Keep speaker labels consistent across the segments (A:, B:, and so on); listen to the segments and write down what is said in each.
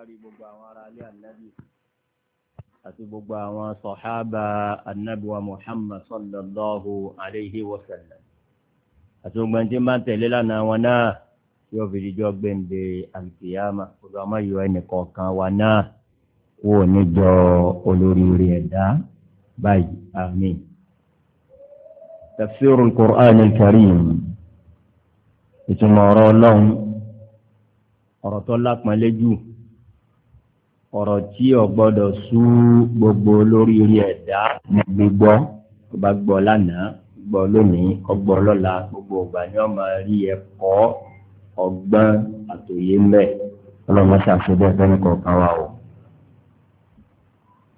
A: kárí gbogbo àwọn ará ilé ànábì àti gbogbo àwọn sọ̀hábà ànábì wa Muhammad sallallahu alayhi wa sallam àti gbogbo ẹni tí ń bá ń tẹ̀lé lánàá wọn náà yóò fi dijọ́ gbẹ̀ǹde àlùkìyàmà gbogbo àwọn yòó ẹnìkọ̀ọ̀kan wa náà kó o níjọ olóríire ẹ̀dá báyìí àmín. tafsirul qur'an al-karim ìtumọ̀ ọ̀rọ̀ ọlọ́run ọ̀rọ̀ tó lápọn ọ̀rọ̀ tí o gbọ́dọ̀ sú gbogbo lórí orí ẹ̀dá gbígbọ́ tó bá gbọ́ lánàá gbọ́ lónìí ọgbọ́ lọ́la gbogbo ọgbà ni wọ́n máa rí ẹ̀kọ́ ọgbọ́n àtòyé mẹ́ ọlọ́mọ ṣàfihàn bẹ́ẹ̀ fẹ́ni kọ̀ọ̀kan wa o.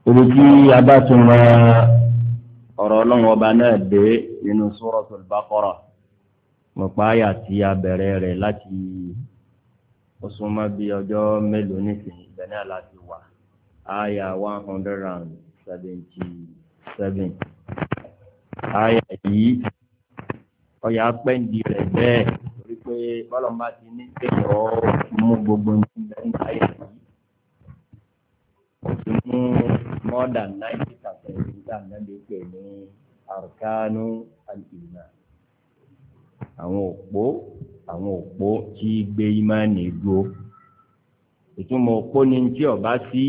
A: ibi tí a bá tún ra ọ̀rọ̀ ọlọ́run ọba náà dé nínú Suratul Baqara mọ̀páyà tí a bẹ̀rẹ̀ rẹ̀ láti ó súnmọ́ bí ọjọ́ mélòó nísìnyí ibẹ̀ náà láti wà àyà one hundred and seventy seven àyà yìí ọyà pẹ́ǹdì rẹ̀ bẹ́ẹ̀ torí pé bọ́lọ̀mbà ti ní kéèyàn mú gbogbo nígbà àyà yìí ó ti mú more than ninety percent nígbà náà lè ní arkanu al-iman àwọn òpó àwọn òpó tí gbé ìmánì dúró ìtumọ̀ òpó ni tí ọba sí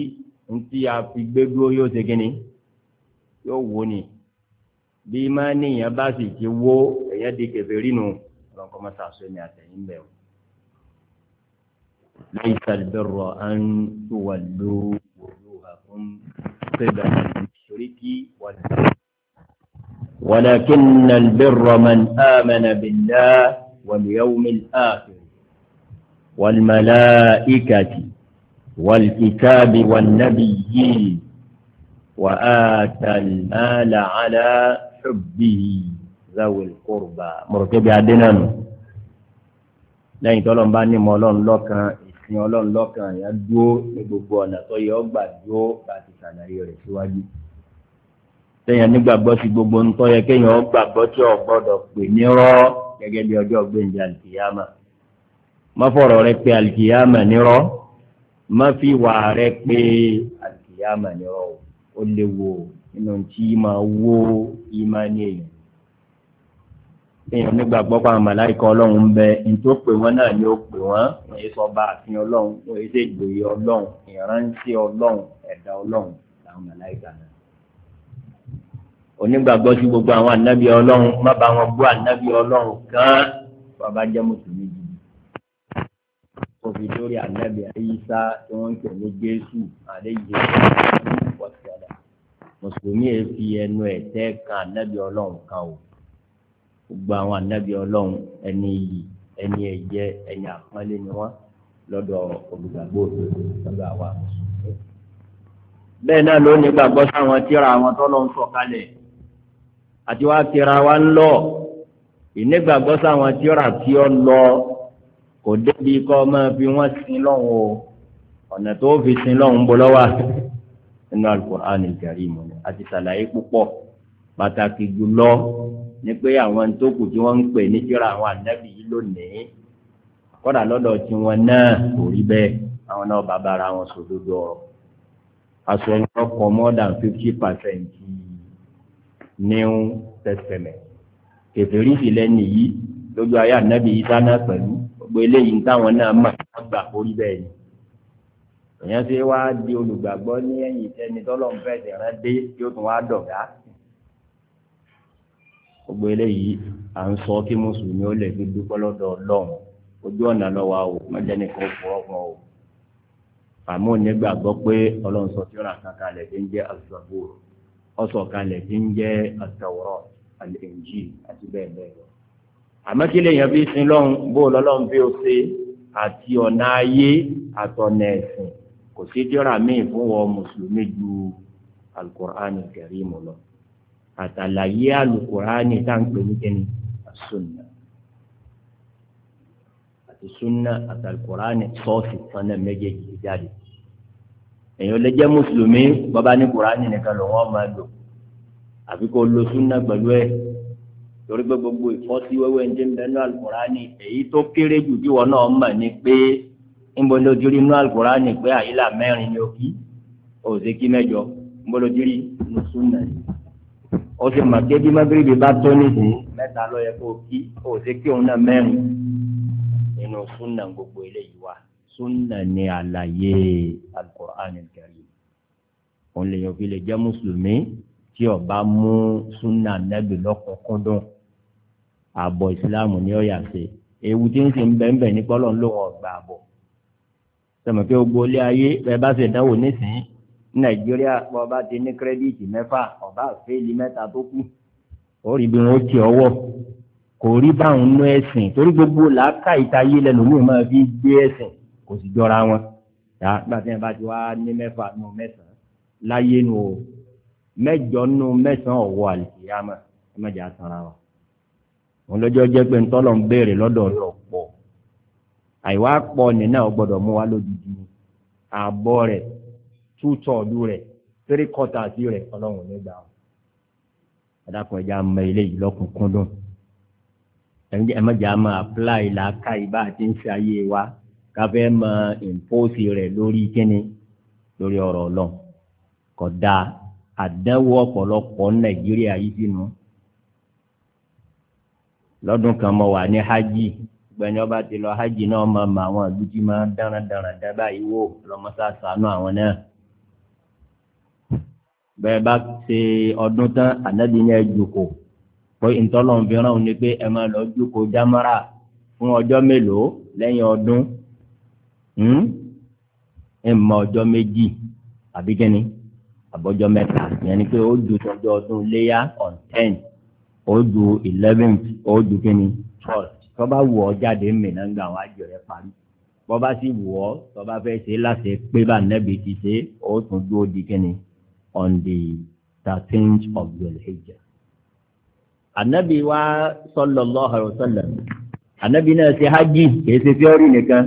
A: ntí a fi gbé dúró yóò ṣe kínní yóò wó ni bí ìmánì yẹn bá sì ti wó èyàn di kèfèrí nù ọlọ́run kọ́ sàṣọ ní àtẹ̀yìn bẹ́ẹ̀ o. ليس البر أن تولوا وجوهكم قبل المشرق والبر ولكن البر من آمن بالله واليوم الآخر والملائكة والكتاب والنبيين وآتى المال على حبه ذوي القربى مرتبي عدنان lẹ́yìn tọ́lọ́n bá ní mọ ọlọ́run lọ́kàn ìsìn ọlọ́run lọ́kàn ìyá dúó ní gbogbo ọ̀nà tó yẹ ọgbà dúó láti ṣàlàyé rẹ̀ síwájú. Si téèyàn nígbàgbọ́ sí gbogbo ńtọ́ yẹ kéèyàn gbàgbọ́ tí ò gbọ́dọ̀ pè ní rọ́ gẹ́gẹ́ bí ọjọ́ gbẹ̀ǹdì àlìkìyàmà má fọ̀rọ̀ rẹ pé àlìkìyàmà ní rọ́ má fi wà rẹ pé àlìkìyàmà ní rọ́ ó léwu nínú tí máa wó ìmá ní èèyàn èèyàn nígbàgbọ́ pa àwọn màláìka ọlọ́run ń bẹ ní tó pè wọ́n náà ni ó pè wọ́n wọ́n yé sọ bá àfihàn ọlọ́run wọ́n yé sègbòye ọlọ́run ìrántí ọlọ́run ẹ̀dá ọlọ́run làwọn màláìka náà onígbàgbọ́ sí gbogbo àwọn ànábì ọlọ́run má bá wọn bú ànábì ọlọ́run kan bàbá jẹ́ mùsùlùmí jù òfin lórí ànábì ayíṣá tí wọ́n ń pè ní jésù àdéhìí wàsíwàdà mùsùlùmí yẹn fi ẹnu ẹ̀tẹ́ kan ànábì ọlọ́run kan o gbogbo àwọn ànábì ọlọ́run ẹni iyì ẹni ẹ̀jẹ́ ẹni àpọ́nlé ni wọ́n lọ́dọ̀ olùgbàgbọ́ lọ́dọ̀ àwọn tọ́lọ́ àti wá kíra wá ń lọ ìnígbàgbọ́ sáwọn tí ó rà tí ó lọ kò débi kọ́ máa fi wọ́n sin lọ́hùn o ọ̀nà tó fi sin lọ́hùn ń bọ̀ lọ́wọ́ nínú Al-Qur'an Al-Karim àti sàlàyé púpọ̀ pàtàkì jùlọ ni pé àwọn tó kù tí wọ́n ń pè ní tíra àwọn ànábì yìí lónìí kọ́dà lọ́dọ̀ tí wọ́n náà kò rí bẹ́ẹ̀ àwọn náà bàbá ara wọn sòdodo ọ̀rọ̀ àsọ̀rọ̀ ọkọ̀ more than fifty percent yìí new testament kèfèrí ìfìlẹ̀ nìyí lójú ayé ànábì isa náà pẹ̀lú gbogbo eléyìí táwọn náà mọ̀ wọ́n gbà orí bẹ́ẹ̀ ni èèyàn ṣe wá di olùgbàgbọ́ ní ẹ̀yìn tẹ́ni tọ́lọ́mù fẹ̀sẹ̀ rán dé yóò tún wá dọ̀gá gbogbo eléyìí à ń sọ kí mùsùlùmí ó lè fi dúpọ́ lọ́dọ̀ ọlọ́run ojú ọ̀nà lọ́wọ́ o mọ́jẹ́ni kò fọ́ fún o àmọ́ onígbàgbọ́ pé ọlọ́run sọ tí ó rà kankan lẹ̀ fi ń jẹ́ àlùfáà bòrò ọsọ̀kalẹ̀ tí ń jẹ́ àtàwọ̀rọ̀ àlẹ́ǹjì àti bẹ́ẹ̀ bẹ́ẹ̀ lọ. àmọ́ kí lèèyàn fi sin lọ́hùn bó lọ́lọ́hùn bí ó ṣe àti ọ̀nà ayé àtọ̀nà ẹ̀sìn kò sí tíra míì fún wọn mùsùlùmí ju alukur'ani kẹrìmù lọ àtàlàyé alukur'ani tá à ń pè ní kíni sunna àti sunna àtàlukur'ani sọ́ọ̀sì sanna méjèèjì jáde èyàn lè jẹ́ mùsùlùmí bàbá ní kùránì nìkan lòun ọmọ ẹ lò àfi kò lo súnà pẹ̀lú ẹ torí pé gbogbo ìfọ́sí wẹ́wẹ́ ń dé nbẹ́nu alukùránì èyí tó kéré jù tí wọn náà mọ̀ ni pé níbo ló dirí inú alukùránì pé àyílà mẹ́rin ni ó kí òsè kí mẹ́jọ níbo ló dirí inú súnà yìí ó sì mọ̀ pé bí bá tó nísìnyí mẹ́ta ló yẹ kó kí òsè kí òun náà mẹ́rin inú súnà gbogbo eléyìí wà súnà ni àlàyé alukur'an karim òun lè yàn fi lè jẹ́ mùsùlùmí tí ó bá mú súnà nẹ́bí lọ́kùnkúndùn ààbọ̀ ìsìláàmù ní ọ̀yà ṣe ewu tí ń sìn bẹ́ẹ̀ ní kọ́lọ̀ ń lò wọ́n gbà àbọ̀ sọmọkẹ́ gbogbo ilé ayé bẹ́ẹ̀ bá ṣe dánwò nísìnyí nàìjíríà ọba ti ní kírẹ́díìtì mẹ́fà ọba àfẹ́lì mẹ́ta tó kù ó rí bí wọ́n ti ọwọ́ kò rí báwọn nú ẹ̀sìn torí gbogbo làákà ìtayé lẹ́nu mi máa fi gbé ẹ̀sìn kò sì jọra wọn nígbà tí wọn bá ti wá ní mẹ́fà nù mẹ́sàn án láyé nù o mẹ́jọ nù mẹ́sàn án ọwọ àlìkìyàmà ẹ má jà sanra wa wọn lọ́jọ́ jẹ́ pé ntọ́lọ̀ ń béèrè lọ́dọ̀ ọ̀rọ̀ pọ̀ àìwá pọ̀ nínú àwọn gbọ́dọ̀ mú wa lójijì ni ààbọ̀ rẹ̀ tútọ̀ọ̀dù rẹ̀ tírí kọ́tà sí rẹ̀ ọlọ́run nígbà wọn. adakun ẹja mọ eléyìí lọ́kùnkúndùn ẹ̀mẹ́jà máa apply làákà ìbá àti ń ṣe ayé wa káfẹ́ mọ ìmpósì rẹ̀ lórí kíni lórí ọ̀rọ̀ ọlọ́run kódà àdánwò ọ̀pọ̀lọpọ̀ nàìjíríà yìí sínú lọ́dún kan mo wà ní hajj gbẹ̀yìn ọba ti lọ hajj náà máa ma àwọn ìlú tí máa dáradáran dábàá yìí wò lọ́mọ́sá sànú àwọn náà bẹ́ẹ̀ bá ṣe ọdún tán ànábì ní ẹ jókòó pé ntọ́lọ́nfẹ́ràn ni pé ẹ máa lọ jókòó jámárà fún ọjọ́ mélòó lẹ́yìn ọdún Hmm? ẹ̀mọ ọjọ́ méjì àbí kẹ́ni àbọ̀jọ́ mẹ́ta ìyẹn ni pé ó ju tọjọ́ ọdún léyà on ten ó ju eleven ó ju kẹ́ni twelve tọ́ba wù ọ́ jáde mìíràn gbà wọ́n á jọ ẹ parí bọ́ba sì wù ọ́ tọ́ba fẹ́ ṣe láti pé bá nẹ́bi ti ṣe ó tún dúró di kẹ́ni on the thirteenth of Dhul-Hijjah. ànábì wa sallallahu alaihi wasallam ànábì náà ṣe hajj kì í ṣe fíọ́rì nìkan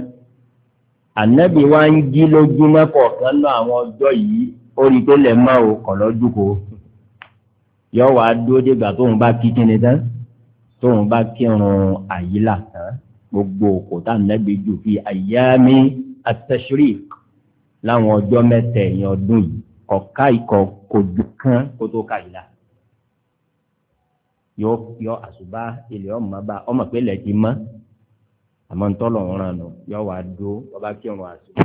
A: ànábì wa ń jí lójúmọ́ kọ̀ọ̀kan náà àwọn ọjọ́ yìí ó rí tó lẹ̀ mọ́ o kọ̀ lọ́jú kó yọ wàá dúró dégbà tóun bá kí kíni tán tóun bá kírun àyílà tán gbogbo òkúta ànábì jù fi àyàmí at láwọn ọjọ́ mẹ́ta ẹ̀yìn ọdún yìí kọ̀ọ̀ká ikọ̀ kò ju kán kó tó ká ìlà yọ àṣùbá ilẹ̀ ọmọ bá ọmọ pé lẹ́ẹ̀kì mọ́ àmọ́ ntọ́lọ̀ ń ràn nù yọ wá dó ọba kírun àsìkò.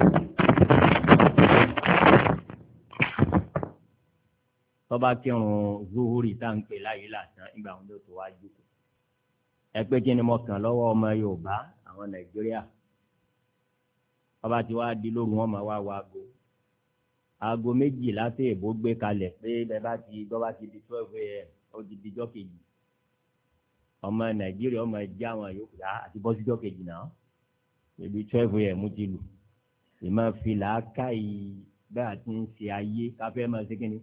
A: tọ́ba kírun zuhuri tá à ń pè láyé lásán ìgbà wọn ló tó wá jùkú. kí ni mo kàn lọ́wọ́ ọmọ Yorùbá àwọn Nàìjíríà ọba ti wá di lóru wọn máa wá wá go aago méjìlá tèèbó gbé kalẹ̀ pé bẹ́ẹ̀ bá ti dọ́ bá ti di twelve a.m. ó ti di jọ́ ọmọ nàìjíríà ọmọ ẹja àwọn yòókù yá àti bọ́síjọ́ kejì náà ebi twelve yẹn mú ti lù ìmọ̀ fìlà káyì bẹ́ẹ̀ àti ń ṣe ayé káfẹ́ máa ṣe kínní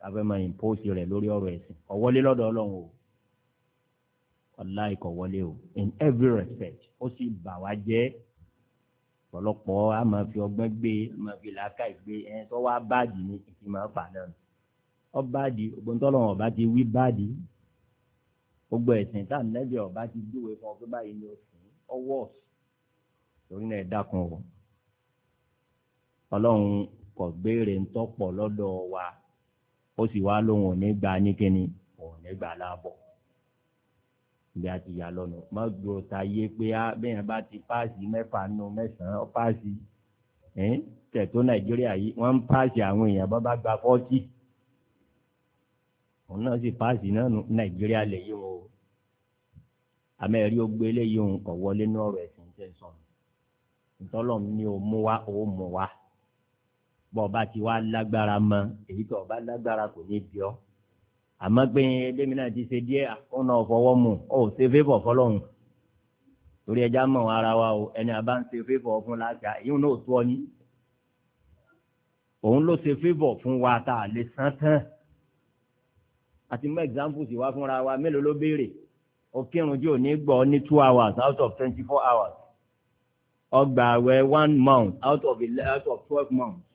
A: káfẹ́ máa impose rẹ̀ lórí ọ̀rọ̀ ẹ̀sìn ọ̀wọ́lé lọ́dọ̀ ọlọ́run o ọ̀la ikọ̀ wọlé o in every respect ó sì bà wá jẹ́ ọ̀pọ̀lọpọ̀ a máa fi ọgbọ́n gbé a máa fi làákà gbé ẹni tó wá báàdì ní ìfimọ̀ fà náà ọ báàdì ògbóntọ́lọ́wọ̀n ọba ti wí báàdì gbogbo ẹ̀sìn tá nẹ́bí ọba ti júwe fún ọ báyìí ni o ọwọ́ torí náà ẹ dákun o ọlọ́run kò lọ́dọ̀ wa ó sì wá lóun ò gba ní kíni gba láàbọ̀ ìyá lọ́nà má gbọ́ yé pé á bá ti páàsì mẹ́fà òun náà sì páàsì náà nàìjíríà lẹ́yìn o amẹ́rí ó gbé lẹ́yìn òun kọ̀ wọlé ní ọ̀rọ̀ ẹ̀sìn tẹ̀ sọ̀rọ̀ ntọ́lọ́m ní o mú wa o mú wa bọ́ ọba ti wá lágbára mọ èyí tó ọba lágbára kò ní bí ọ àmọ́ pé ẹlẹ́mi náà ti ṣe díẹ̀ àkọ́nà ọ̀fọwọ́ mu ọ̀ ṣe fẹ́fọ̀ fọlọ́run torí ẹja mọ̀ ara wa o ẹni àbá ń ṣe fẹ́fọ̀ fún láṣà èyí náà tó ọ ní òun ló ṣe fẹ́fọ̀ fún wa tá a lè san tán àti mú examples wá fúnra wa mélòó ló béèrè òkèrùn jò ní gbọ́ ní two hours out of twenty four hours ọgbà àwẹ̀ one month out of out of twelve months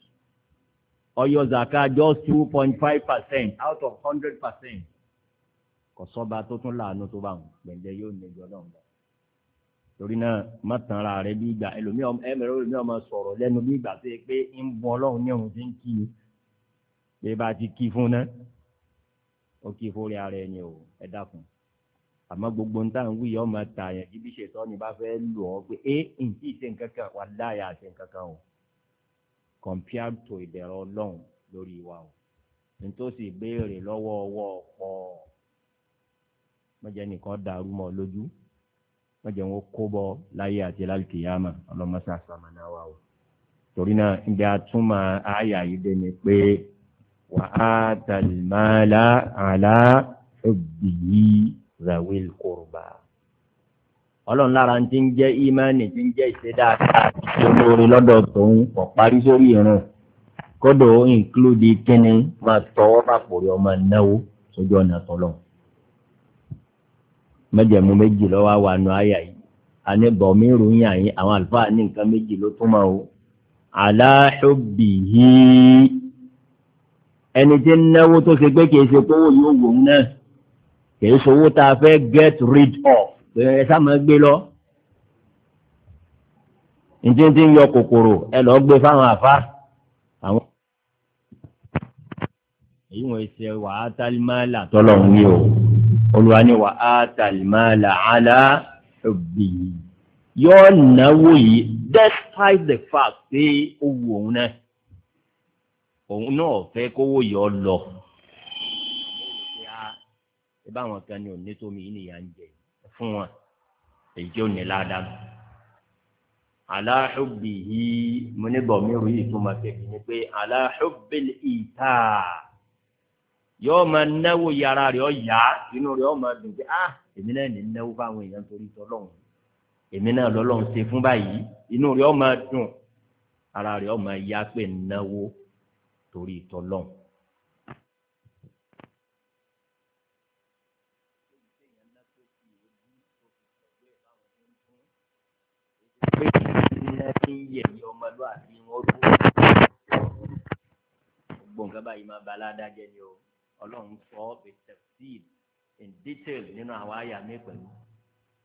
A: ọyọ zaka just two point five percent out of hundred percent kò sọ́ba tó tún láàánú tó bá wọn gbẹ̀ndẹ̀ yóò ní ìjọ náà torí náà má tan ara rẹ bí ìgbà ẹlòmíọ ẹmẹrẹ ẹlòmíọ máa sọ̀rọ̀ lẹ́nu bí ìgbà tó yẹ pé ń bọ Ọlọ́run ní òun ti ń kí i bí ẹ bá ti kí i fún náà ó kí fórí ara ẹni o ẹ a àmọ́ gbogbo ń tàn wí ọmọ ta yẹn ibi ṣètọ ni bá fẹ́ lù ọ pé é ǹtí ṣe nǹkan kan wà láyà ṣe nǹkan kan o compared to ìdẹ̀rọ Ọlọ́run lórí wa o lọ́wọ́ ọwọ́ ọ̀pọ̀ nìkan dàrú mọ́ lójú wọn kó bọ́ láyé àti lálùkìyàmà ọlọ́mọṣà sàmánà wa o torí náà àtúmọ̀ àyà yìí dé wà á tàlmàlà àlà òbíyí zawil kurba. ọlọ́run lára ti ń jẹ́ ìmánì ti ń jẹ́ ìṣe dáadáa ti ṣe olóore lọ́dọ̀ tòun kò parí sórí ìrun kódò ìnkúlódì kínní máa tọwọ́ pàpòrí ọmọ náwó sójú ọ̀nà tọ́lọ̀. mẹ́jẹ̀mú méjì lọ́wọ́ àwọn àna àyà yìí àní bọ̀mí ròyìn àwọn àlùfáà ní nǹkan méjì ló túmọ̀ o. àlàáhùbì ẹni tí ń náwó tó ṣe pé kìí ṣe pé owó yóò wò ó náà kìí ṣòwò tá a fẹ́ get rid of ẹ sá máa gbé lọ. ǹjẹ́ ti ń yọ kòkòrò ẹ lọ́ọ́ gbé fáwọn àfa àwọn. èyí wọ́n ṣe wà á tálímàlà tọ́lọ́hún ni o olùwà ni wà á tálímàlà àlá òbí yọ náwó yìí despite the fact pé ó wù òun náà òun náà fẹ́ kówó yọ lọ ẹ báwọn kan ní òní tómi yìí nìyà ń jẹ fún wọn èyí tí ó ní ládàá aláhùbì yìí mo ní bọ̀ mí ròyìn tó máa kébi ni pé aláhùbì ìta yóò máa náwó yàrá rẹ̀ ọ̀ inú rẹ̀ ọ̀ máa dùn pé ah èmi náà ní náwó fáwọn èèyàn torí tọ́lọ́hún èmi náà lọ́lọ́run ṣe fún báyìí inú rẹ̀ ọ̀ máa dùn ara rẹ̀ ọ̀ máa yá pé náwó torí tọlọ́n. pé báyìí máa ba aládájẹ́ ni o ọlọ́run sọ ọ́ tẹ̀síìd in detail nínú àwọn àyà mi pẹ̀lú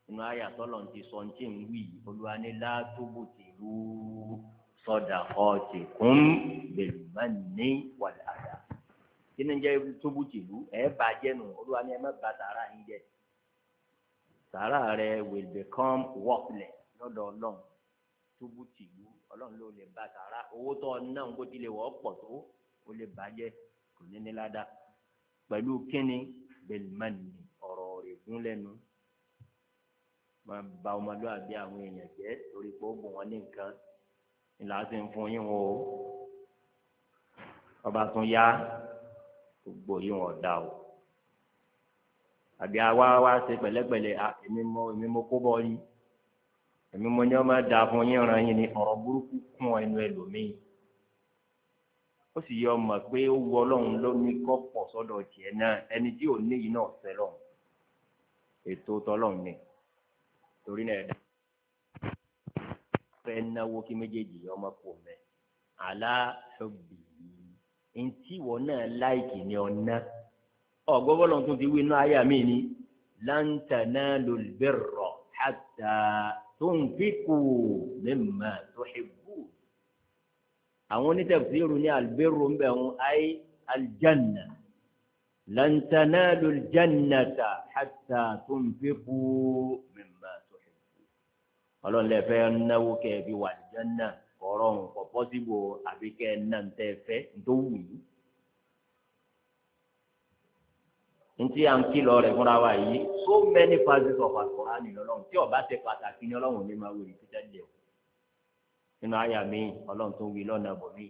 A: nínú àyà tọ́lọ̀ ti sọ ní tí ń wí olúwa ní látòbò tèlú sadaqatikum bil manni wal adha kíni jẹ́ tóbu tìlú ẹ̀ bàjẹ́ nù olúwa ni ẹ má ba sàrà yín jẹ́ sàrà rẹ will become worthless lọ́dọ̀ ọlọ́run tóbu tìlú ọlọ́run ló lè ba sàrà owó tó ọ̀nà ń gbódì lè wọ́ pọ̀ tó ó lè bàjẹ́ kò ní ní ládàá pẹ̀lú kíni bil manni ọ̀rọ̀ rẹ̀ gún lẹ́nu máa ba ọmọlúwàbí àwọn èèyàn jẹ́ torí pé ó bùn wọn ní nǹkan ìlàsì ń fún yín o ọba tún yá gbogbo yín wọn dá o àbí àwa wá ṣe pẹ̀lẹ́pẹ̀lẹ́ èmi mọ èmi mọ kó bọ yín èmi mọ ní ọmọ dà fún yín ran yín ni ọ̀rọ̀ burúkú kún ẹnu ẹlòmíì ó sì yọ ọmọ pé ó wọ Ọlọ́run ló ní kọ pọ sọ́dọ̀ tiẹ̀ náà ẹni tí ò ní yìí náà fẹ́ lọ́run ètò tọlọ́run ni torí náà ẹ̀dá fẹ́ náwó kí méjèèjì ọmọ kò mẹ́ àlá ṣọ́bì ntí wọ náà láìkì ní ọ̀nà ọ̀gbọ́bọ́lọ̀ tún ti wí inú ayé mi ni láǹtàná lòlùbẹ̀rọ̀ hàtà tó ń fipò mímà tó ṣègbù. àwọn onítẹ̀fìrù ní àlùbẹ̀rù ń bẹ̀ wọn ayé aljanna láǹtàná lòlùjannata hàtà tó ń fipò ọlọ́run lè fẹ́ náwó kẹ́ ẹ fi wà àlùjánnà ọ̀rọ̀ nǹkan pọ́sibò àbí kẹ́ ẹ náà ń tẹ́ ẹ fẹ́ tó wù yìí. ntí à ń kìlọ̀ rẹ̀ fúnra wa yìí so many passages of al ni lọ́lọ́run tí ọba ṣe pàtàkì ni ọlọ́run ní máa wòlíì títẹ́ jẹ o nínú àyà mi ọlọ́run tó wí lọ́nà bọ̀ mí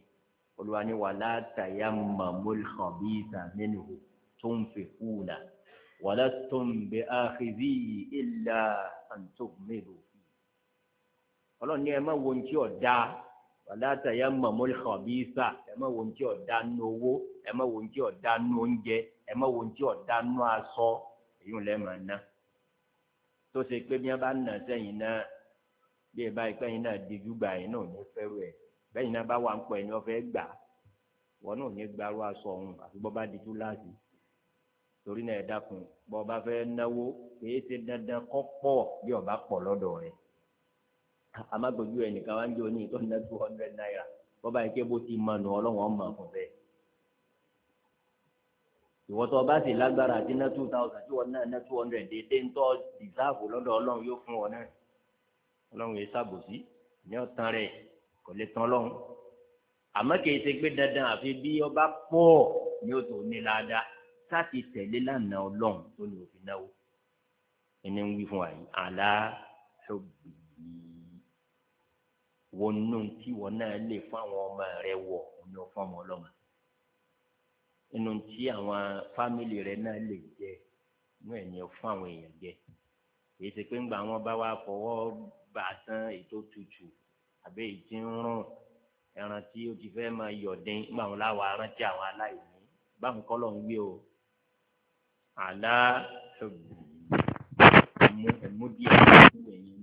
A: olúwa ni wala tayammamul khabitha minhu tunfiquna walastum bi'akhidhihi illa an tughmidu ọlọ́run ní ẹ má wo ntí ọ̀dà wàláta yà mọ̀ mọ́lì khabisa ẹ má wo ntí ọ̀dà nu owó ẹ má wo ntí ọ̀dà nu oúnjẹ ẹ má wo ntí ọ̀dà nu aṣọ èyí ò lẹ́ẹ̀mọ̀ ná tó ṣe pé bí wọ́n bá nà sẹ́yìn náà bí ẹ báyìí pẹ́yìn náà di gbígbà yẹn náà ní fẹ́rù ẹ̀ bẹ́yìn náà bá wà ń pọ̀ ẹ̀ ní wọ́n gbà wọ́n náà ní gbarú aṣọ ọ̀hún àti bọ́ bá di tú láti torí náà ẹ̀ dákun bọ́ bá fẹ́ náwó kì í ṣe dandan kọ́ pọ̀ bí ọba pọ̀ lọ́dọ̀ rẹ̀ amagbèjú ẹnìkan wá ń jẹ oní ìtọ́ni náà two hundred naira bọ́ba yìí ké bó ti mọ nù ọlọ́wọ́n ọmọ fún bẹ́ẹ̀. ìwọ́tọ̀ bá sì lágbára àti ná two thousand tí wọ́n náà ná two hundred déédéé ń tọ́ dìsáàfù lọ́dọ̀ ọlọ́run yóò fún wọn náà ọlọ́run yìí ṣàbòsí ní ọ̀tàn rẹ̀ kò lè tán ọlọ́run àmọ́ kìí ṣe pé dandan àfi bí ọba pọ̀ ni ó tó ní láadáa sáti tẹ̀lé lánàá ọlọ́run tó ní wọnú tí wọn náà lè fáwọn ọmọ rẹ wọ ní ọfọ ọmọ ọlọmọ inú tí àwọn fámìlì rẹ náà lè jẹ inú ẹ̀ ní ọfọ àwọn èèyàn jẹ èyí ṣe pé ńgbà wọn bá wà fọwọ́ bá a tán ètò tutù àbẹ èyí tí ń rún ẹran tí ó ti fẹ́ máa yọ̀dín ńgbà wọn láwọ̀ arántí àwọn aláìní báwọn kọ́ lọ́n gbé o àlá ẹ̀mú díẹ̀ ẹ̀yìn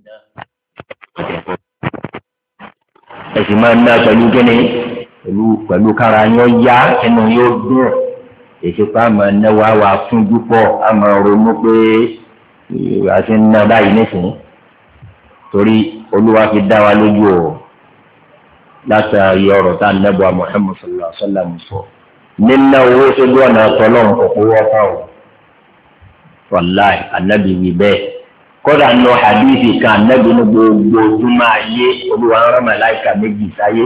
A: sì máa ń ná pẹ̀lú kíni pẹ̀lú pẹ̀lú kára yẹn yá ẹnu yóò dùn èsìkò àmọ́ náwó àwa fún dúpọ̀ àmọ́ ronú pé àti ná báyìí nísìnyí torí olúwa fi dá wa lójú o látàrí ọ̀rọ̀ tá a nẹ́bọ̀ Muhammad sallallahu alaihi wasallam sọ nínú owó sójú ọ̀nà àtọ́lọ́run kò kówó ọ̀tá o wàláì anábìwì bẹ́ẹ̀ kódà nù hadithi kan nẹ́bi ní gbogbo tó máa yé olúwa ń rán màláìka méjì sáyé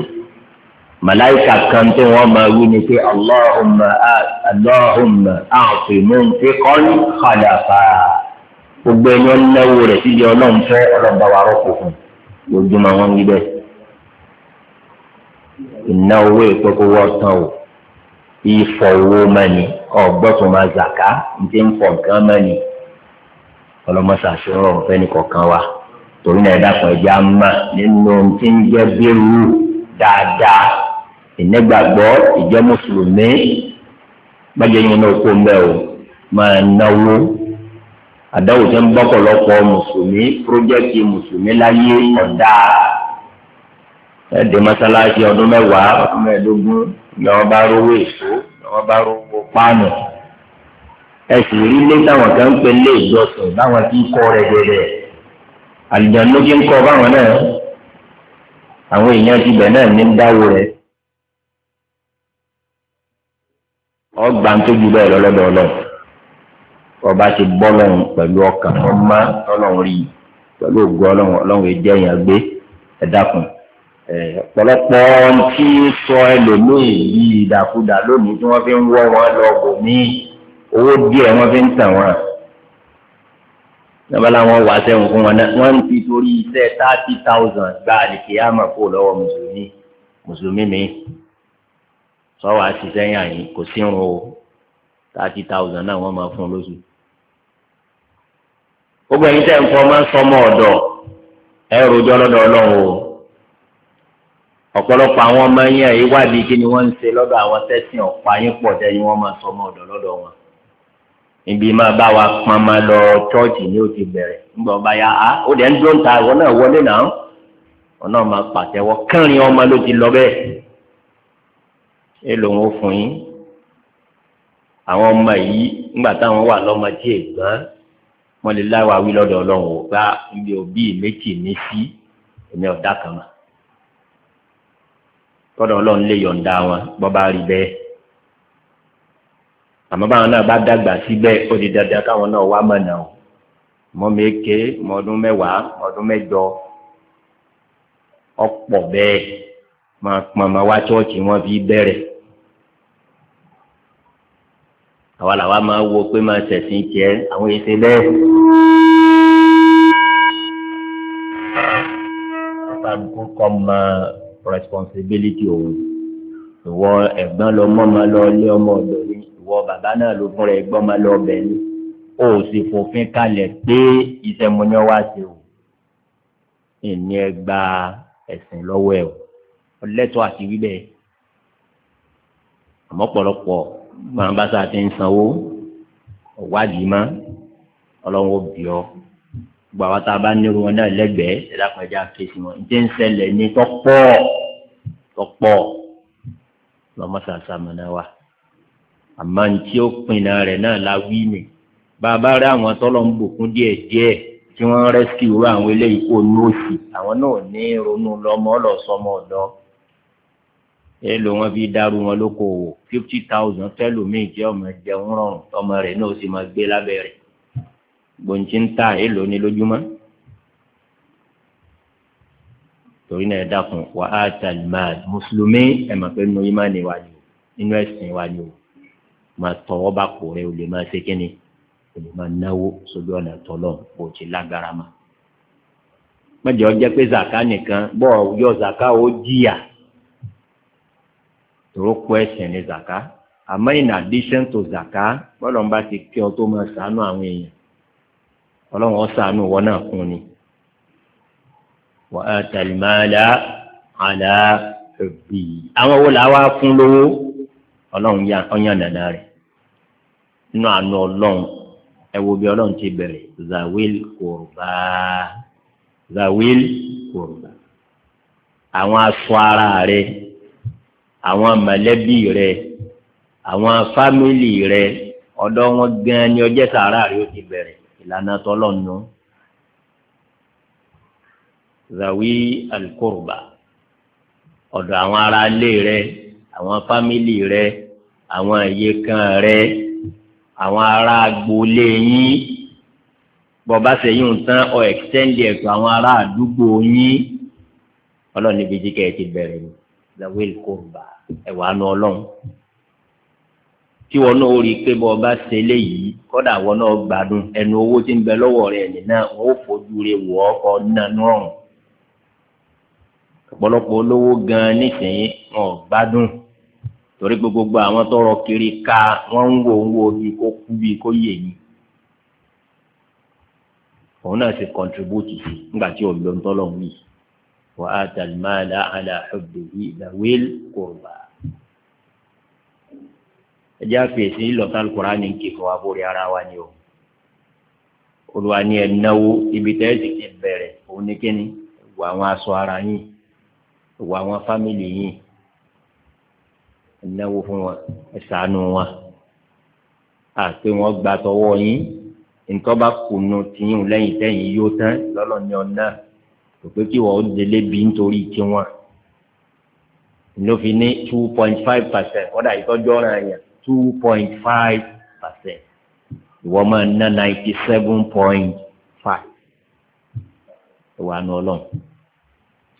A: màláìka kan tó wọ́n máa wí ni pé allahumma allahumma àfi munfiqan khalafa gbogbo ẹni wọn náwó rẹ̀ síbi ọlọ́run fẹ́ ọlọ́ba wa rọ́pò fún lójúmọ́ wọn wí bẹ́ẹ̀ ìná owó ìpẹ́kọ̀wọ́ tán o ìfọ̀wọ́ mẹ́ni ọ̀gbọ́tò máa zàká ní ti ń fọ̀ nǹkan mẹ́ni ọlọmọsà sọ̀rọ̀ fẹni kọ̀ọ̀kan wa torí náà ẹ̀dá kan ẹja mà nínú tí ń jẹ bírú dáadáa ìnẹgbàgbọ́ ìjẹ mùsùlùmí gbàjẹ yín náà kó mbẹ o máa náwó àdáwò tí ń bọ́pọ̀lọpọ̀ mùsùlùmí pírójẹ́kì mùsùlùmí láyé ọ̀dà ẹ̀dẹ̀ mọ́sálásí ọdún mẹ́wàá ọdún mẹ́ẹ̀ẹ́dógún ni wọ́n bá rówó èso ni wọ́n bá rówó páànù ẹ sì rí lé táwọn kan ń pè lé ìjọsìn báwọn ti ń kọ rẹ gẹ́gẹ́ àlùjáde ló ti ń kọ báwọn náà àwọn èèyàn ti bẹ̀ náà ní dáwó rẹ ọgbà ń tójú bẹ́ẹ̀ lọ́lọ́dọ̀ ọlọ́run ọba ti bọ́ lọ́run pẹ̀lú ọkàn ọmọ ọlọ́run rí pẹ̀lú ògùn ọlọ́run ọlọ́run èdè ẹ̀yàn gbé ẹ̀dákun ọ̀pọ̀lọpọ̀ tí sọ ẹlòmíì yìí ìdàkudà lónìí tí wọ́n fi ń wọ́ wọn lọ bò míì owó díẹ̀ wọ́n fi ń tàn wọ́n nàbàlà wọn wà sẹ́wọ̀n fún wọn náà wọ́n ń torí iṣẹ́ thirty thousand gba àlìkèyàmà kó lọ́wọ́ mùsùlùmí mùsùlùmí mi sọ́wọ́ àṣìṣẹ́ yàn yín kò sí irun o thirty thousand náà wọ́n máa fún un lóṣù. gbogbo ẹ̀yin tẹ́ ń fọ́ máa ń sọmọ ọ̀dọ̀ ẹ rojọ́ lọ́dọ̀ ọlọ́run o ọ̀pọ̀lọpọ̀ àwọn ọmọ yẹn ìwádìí kí ni wọ́n ń ṣe lọ́dọ̀ àwọn tẹ́sán ọ̀pá yín pọ̀ tẹ́yìn wọ́n máa sọmọ ọ̀dọ̀ lọ́dọ̀ wọn ibi máa bá wa pọn máa lọ chọ́ọ̀chì ni ó ti bẹ̀rẹ̀ nígbà ọba ya á ó dẹ̀ ń dún ta ìwọ náà wọlé náà wọn náà máa pàtẹ́wọ́ kẹrin ọmọ ló ti lọ bẹ́ẹ̀ èlò wọn fún yín àwọn ọmọ yìí nígbà táwọn wà lọ́mọ tí ègbọ́n wọn lè láwa wí lọ́dọ̀ ọlọ́run ò ibi òbí méjì ní sí èmi ọ̀dà kan mà lọ́dọ̀ ọlọ́run lè yọ̀ǹda wọn bọ́ rí bẹ́ẹ̀ àmọ́ báwọn náà bá dàgbà síbẹ̀ ó di dandan káwọn náà wá mọ̀nà o mọ́ mẹ́kẹ́ mọ́dún mẹ́wàá mọ́dún mẹ́jọ ọ̀pọ̀ bẹ́ẹ̀ máa pọn ọmọ wá chọ́ọ̀chì wọn fi bẹ̀rẹ̀ àwa làwa máa wo pé máa ṣẹ̀sìn tiẹ̀ àwọn èsè bẹ́ẹ̀. kálukú kọ́ mọ responsibility òun ìwọ ẹ̀gbọ́n lọ mọ́ máa lọ lé ọmọ ọ̀dọ́ ìwọ bàbá náà ló fún rẹ gbọ́mọ lọ bẹ̀ ni ó sì fòfin kalẹ̀ pé iṣẹ́ mo ní wá sí o ìní ẹ gba ẹ̀sìn lọ́wọ́ ẹ o ọlẹ́tọ̀ àti wíbẹ̀ àmọ́ pọ̀lọpọ̀ gbọ̀nàbáṣà ti ń sanwó ọ̀wádìí mọ́ ọlọ́run ó bì ọ́ gbogbo àwọn tá a bá nírú wọn náà lẹ́gbẹ̀ẹ́ ẹ̀dá kan ẹja fèsì wọn ǹjẹ́ ń ṣẹlẹ̀ ní tọ́pọ̀ tọ́pọ̀ lọ́mọ́sàsà mọ̀ náà àmọ́ ní tí ó pinna rẹ̀ náà la wí ni bàbá rẹ àwọn tọ́lọ̀ ń bùkún díẹ̀ díẹ̀ tí wọ́n rẹ́síkìú rẹ àwọn eléyìí kò ní òsì àwọn náà ní ronú lọ́mọ ọlọ́sọmọ ọ̀dọ́ ẹ lò wọn fi dàrú wọn lóko wò fifty thousand fẹ́lò míì jẹ́ ọmọ jẹun rọrùn ọmọ rẹ̀ náà sì máa gbé lábẹ́ rẹ̀ gbòǹtì ń ta ẹ lò ní torí náà ẹ dákun wà á mùsùlùmí ẹ̀ mọ̀ pé nínú ìmánì ni o nínú wa ni o máa tọwọ́ bá pò rẹ o lè máa ṣe kíni o lè máa náwó sójú ọ̀nà tọ́lọ̀ bó ti lágbára ma. mọ̀jẹ̀ ọjọ́ pé zaka nìkan bọ́ ọjọ́ zaka ó jìyà tòró pọ̀ ẹ̀sìn ní zaka àmọ́ in addition to zaka bọ́lọ̀ ń bá ti kí ọ tó máa sànú àwọn èèyàn ọlọ́run ó sànú wọn náà kún ni. wa atal mala ala hubbi àwọn wo làá wá fún lówó ọlọ́run yàn ọ̀yàn nàdá rẹ̀ nínú àánú ọlọ́run ẹ wo bí ọlọ́run ti bẹ̀rẹ̀ zawil kurba zawil kurba àwọn aṣọ ara rẹ àwọn mọ̀lẹ́bí rẹ àwọn fámìlì rẹ ọ̀dọ̀ wọn gan ni ọjọ́ sàárà rẹ ó ti bẹ̀rẹ̀ ìlànà tọ́lọ́nù zawi alukurba ọ̀dọ̀ àwọn ará ilé rẹ àwọn fámìlì rẹ àwọn ìyekan rẹ àwọn ará agboolé yín bọba sẹyìn tán ọ ẹkítẹndì ẹtọ àwọn ará àdúgbò yín ọlọ́run níbi jíkẹ ẹ ti bẹ̀rẹ̀ ni lawel kóńbà ẹwà nu ọlọ́run tí wọn náà rí i pé bọba sẹlẹ yìí kódà wọn náà gbádùn ẹnu owó tí ń bẹ lọ́wọ́ rẹ nìyẹn náà wọn ò fojú rẹ wọ ọkọ nánú ọrùn ọ̀pọ̀lọpọ̀ olówó gan nísìnyí wọn ò gbádùn torí pé gbogbo àwọn tọrọ kiri ka wọn ń wo ń wo bí kó kú bí kó yè yìí òun náà ṣe kọntribútì sí nígbà tí ò lọ tọ́lọ̀ ń wí wà á tàlmádà àlà hubbihi ìdàwél qurba. ẹ jẹ́ àfẹ̀sí lọ́tà Kùránì ní kíkọ́ wa bórí ara wa ni o olùwà ni ẹ̀ náwó ibi tẹ́ ẹ sì ti bẹ̀rẹ̀ òun ní kíni wà àwọn aṣọ ara yín wà àwọn fámìlì yín ẹnáwó fún wọn ẹsàánú wọn àti wọn gba tọwọ́ yín ntọ́ba kùnú tìyún lẹ́yìn tẹ́yìn yóò tán lọ́lọ́ ní ọ̀nà kò pé kí wọ́n délé bí nítorí tiwọn ló fi ní two point five percent kọ́dà ìtọ́jú ọ̀ràn yẹn two point five percent ìwọ́n máa ná ninety seven point five ẹ̀wà nu ọlọ́run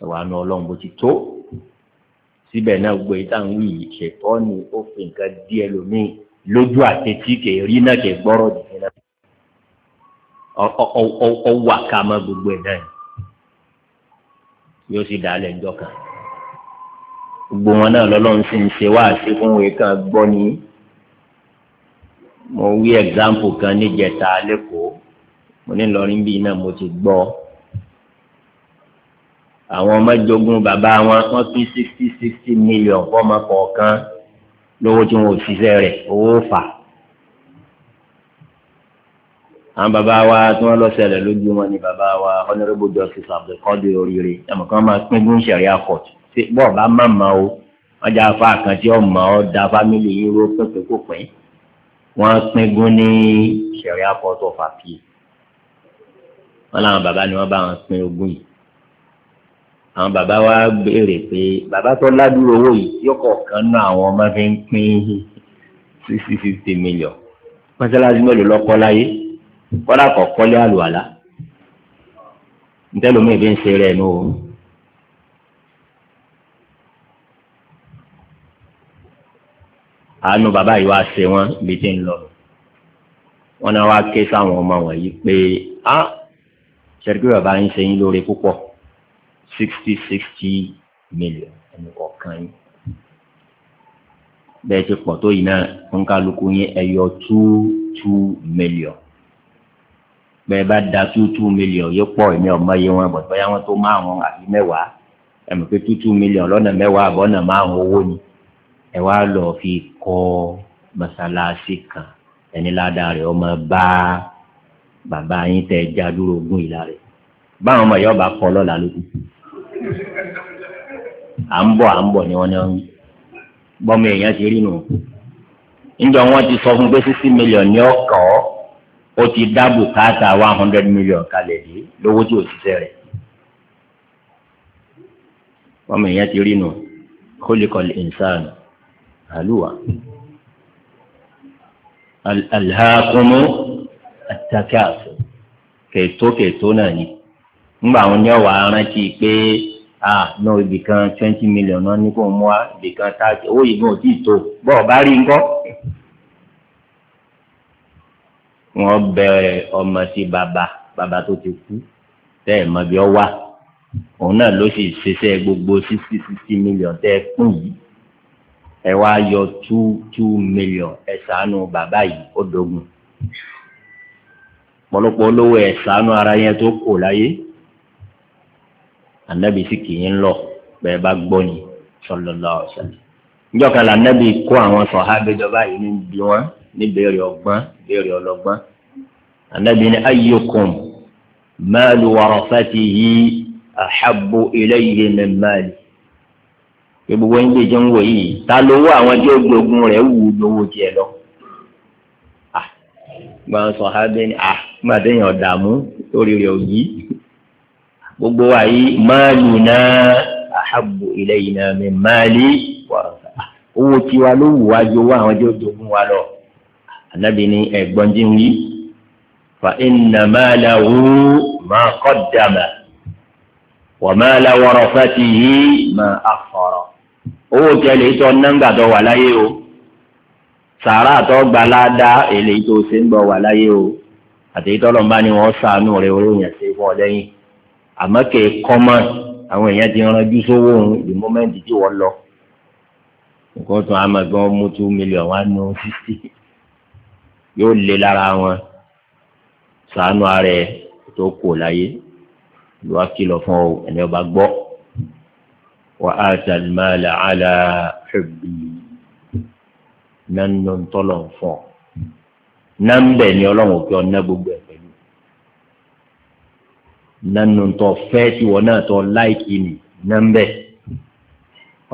A: ẹ̀wà nu ọlọ́run bó ti tó síbẹ̀ náà gbé táwọn wí yìí ṣe tọ́ ni ó fi nǹkan dí ẹlòmíì lójú àtẹ̀tí kè rí náà kè gbọ́rọ̀ nìyẹn náà ọwọ́ àkàmọ́ gbogbo ẹ̀ náà yóò sì dà á lẹ́jọ́ kan gbogbo wọn náà lọ́lọ́run sì ń ṣe wá sí fún wọn kan gbọ́ ni mo wí example kan níjẹta lẹ́kọ̀ọ́ mo ní lọ́rin bíi náà mo ti gbọ́ ọ àwọn ọmọ jogun bàbá wọn wọ́n pín sixty sixty million fọ́mọ kọ̀ọ̀kan lówó tí wọn ò ṣiṣẹ́ rẹ̀ owó fà àwọn bàbá wa tí wọ́n lọ ṣẹlẹ̀ lójú wọn ni bàbá wa honourable justice abdulkadir oríire ẹmọ kan máa pín gún sẹríà court bọ́ọ̀ bá má ma o wọ́n já fa àkàntì ọmọ ọ da fámìlì yìí ró pínpín kó pín wọ́n píngun ní sẹ̀ríà court of appeal wọ́n làwọn bàbá ni wọ́n bá wọn pín ogún yìí àwọn bàbá wa béèrè pé bàbá tó ládùúrò owó yìí yóò kọ̀ọ̀kan náà àwọn ọmọ fi ń pín sixty fifty million mọ́sálásí mélòó lọ́kọ́ láyé kọ́lá kọ̀ kọ́lé àlùwàlá ntẹ́lómi ìbí ń ṣe rẹ̀ nù o. àánú bàbá yìí wá ṣe wọn ibi tí ń lọ wọn náà wá ké sáwọn ọmọ wọn pé a ah, ṣẹlẹ pé bàbá ń ṣe yín lóore púpọ̀ sixty sixty million ẹnì kọ̀ọ̀kan yìí bẹ́ẹ̀ ti pọ̀ tó yìí náà ń kálukú yín ẹ̀yọ two two million bẹ́ẹ̀ bá da two two million yìí pọ̀ èmi ọ̀mọ yìí wọn bọ̀ bóyá wọn tó márùn-ún àbí mẹ́wàá ẹ̀mí pé two two million lọ́nà mẹ́wàá àbọ̀ ọ̀nà márùn-ún owó ni ẹ wá lọ fi kọ́ mọ́sálásí kan ẹni ládàá rẹ̀ ọmọ bá bàbá yín tẹ̀ já dúró ìlà rẹ̀ báwọn ọmọ yìí ọba kọ́ lọ́la lókùn à ń bọ̀ à ń bọ̀ ni wọ́n ní wọ́n ní bọ́mọ èèyàn ti rí nù. níjọ wọn ti sọ fún pé sixty million ní ọkọ̀ ó ti dá bùkátà one hundred million kalẹ̀ dé lówó tí ò ṣiṣẹ́ rẹ̀. bọ́mọ èèyàn ti rí nù kólikọ̀lì ìnsán àlùwà. alhakumu atakasu kètò kètò náà ni. nígbà wọn ní ọwọ́ arántí pé ah náà ibì kan twenty million náà ní kò mú wa ibì kan thirty owó yìí náà ò tíì tó bọ́ ọ̀ bá rí nǹkan. wọ́n bẹ ọmọ sí bàbá bàbá tó ti kú tẹ́ ẹ̀ mọ̀ bí ọ wá òun náà ló sì ṣiṣẹ́ gbogbo sixty sixty million tẹ́ ẹ kún yìí ẹ wá yọ two two million ẹ ṣàánú bàbá yìí ó dogun pọ̀lọpọ̀ olówó ẹ ṣàánú ara yẹn tó kò láyé anabi sì kì í ń lọ bẹ́ẹ̀ bá gbọ́ ni sallallahu alaihi wasallam
B: níjọ́ kan la anabi kó àwọn sọhábẹ jọba
A: yìí ní bí wọn ní béèrè ọgbọ́n béèrè ọlọ́gbọ́n anabi ní ayyukum maalu warasatihi ahabbu ilayhi min maali gbogbo yín gbèjọ ń wò yìí ta ló wọ àwọn tí ó gbógun rẹ̀ wù lówó tiẹ̀ lọ ah, gbọ́n sọ̀hábẹ́ ni ah, à máa dẹ́yìn ọ̀dààmú torí rẹ̀ ò yí gbogbo wa yìí máàlù náà àhàbù ilẹ̀ yìí náà mi máàlì wàrà owó tiwa ló wù wá ju owó àwọn tí ó jogún wa lọ anabi ni ẹ̀gbọ́n jí ń wí fa inna máàlà wù máa kọ́ dàmà wà máàlà fati yìí máa àfọ̀rọ̀ owó kẹlẹ̀ ìtọ́ nọ́ńgà tó wà o sàrà tó gbà ládàá èlé ìtò sí ń o àti ìtọ́lọ́mbá ni wọ́n sànú rẹ̀ orí yẹn sí fún lẹ́yìn àmọ́ kẹ́ ẹ kọ́ mọ́ àwọn èèyàn ti ranjú sówó òun the moment tí wọ́n lọ nǹkan tó àmọ́ gan mú two million wá nù fifty yóò lé lára wọn sànú ara ẹ tó kù láyé ló wá kìlọ̀ fún ọ ẹni ọba gbọ́ wà á tàlmàlà àlà ẹbí nánú tọ́lọ̀ fún ọ nánbẹ̀ ni ọlọ́run òkè ọ̀nà gbogbo ẹ̀ nanu tọ fẹ́ tí wọ́n náà tọ láìkì ní nọ́mbẹ́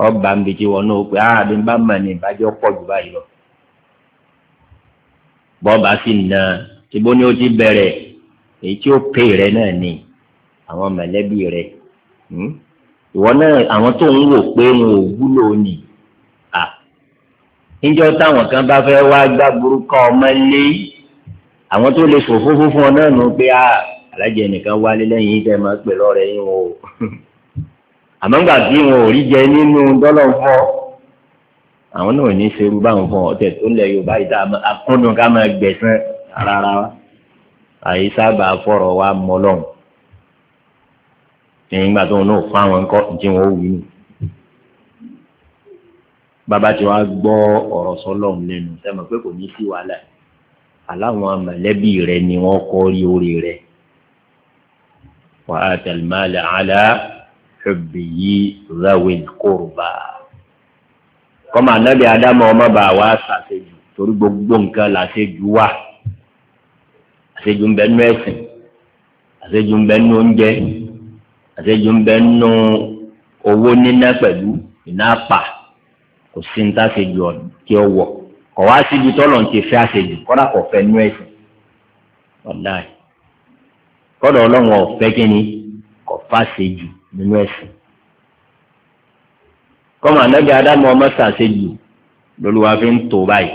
A: ọba ń bi tí wọ́n náà pé ah bí n bá mọ̀ ní ìbájọ́ pọ̀ jù báyìí lọ bọ́ọ̀bá sì na tìbó ni ó ti bẹ̀rẹ̀ èyí tí ó pè rẹ náà ni àwọn mọ̀lẹ́bí rẹ hmm? ìwọ náà àwọn tó ń wò pé wọn ò wúlò ni níjọ́ táwọn kan bá fẹ́ wá gbá burúkọ ọmọ lé àwọn tó lè ṣòfófó fún ọ náà nù pé ah alájẹ nìkan wálé lẹ́yìn yìí tẹ́ máa pè lọ́rẹ̀ yín o àmọ́ nígbà tí wọn ò rí jẹ nínú dọ́lọ̀ fọ́ àwọn náà ní serú báwọn fún ọ̀tẹ̀ tó lẹ̀ Yorùbá ìta akúndùn ká máa gbẹ̀sán rárá àyè sábà fọ̀rọ̀ wa mọ́ lọ́hùn ẹ̀yìn gbà tó náà fún àwọn nǹkan tí wọ́n wù ní. bàbá tí wàá gbọ́ ọ̀rọ̀ sọ́lọ́hùn lẹ́nu sẹ́mi pé kò ní sí wàhálà aláwọn mọ̀lẹ́bí rẹ ni wọ́n kọ́ rí orí rẹ̀ وآتى المال على حبه ذوي القربى كما النبي آدم وما باوا ساسجو torí gbogbo nǹkan làṣejù wà àṣejù ń bẹ nú ẹ̀sìn àṣejù ń bẹ nú oúnjẹ àṣejù ń bẹ nú owó níná pẹ̀lú ìnápa kò sí ní tàṣejù tí ó wọ̀ kọ̀ wá síbi tọ́lọ̀ ti fẹ́ àṣejù kọ́dà kọ̀ fẹ́ nú ẹ̀sìn ọ̀dà yìí. kọ́dọ̀ ọlọ́run ọ̀fẹ́ kínní kò fàṣe nínú ẹ̀sìn kọ́mọ anábì adamu ọmọ sàṣejù lolúwa fi ń tó báyìí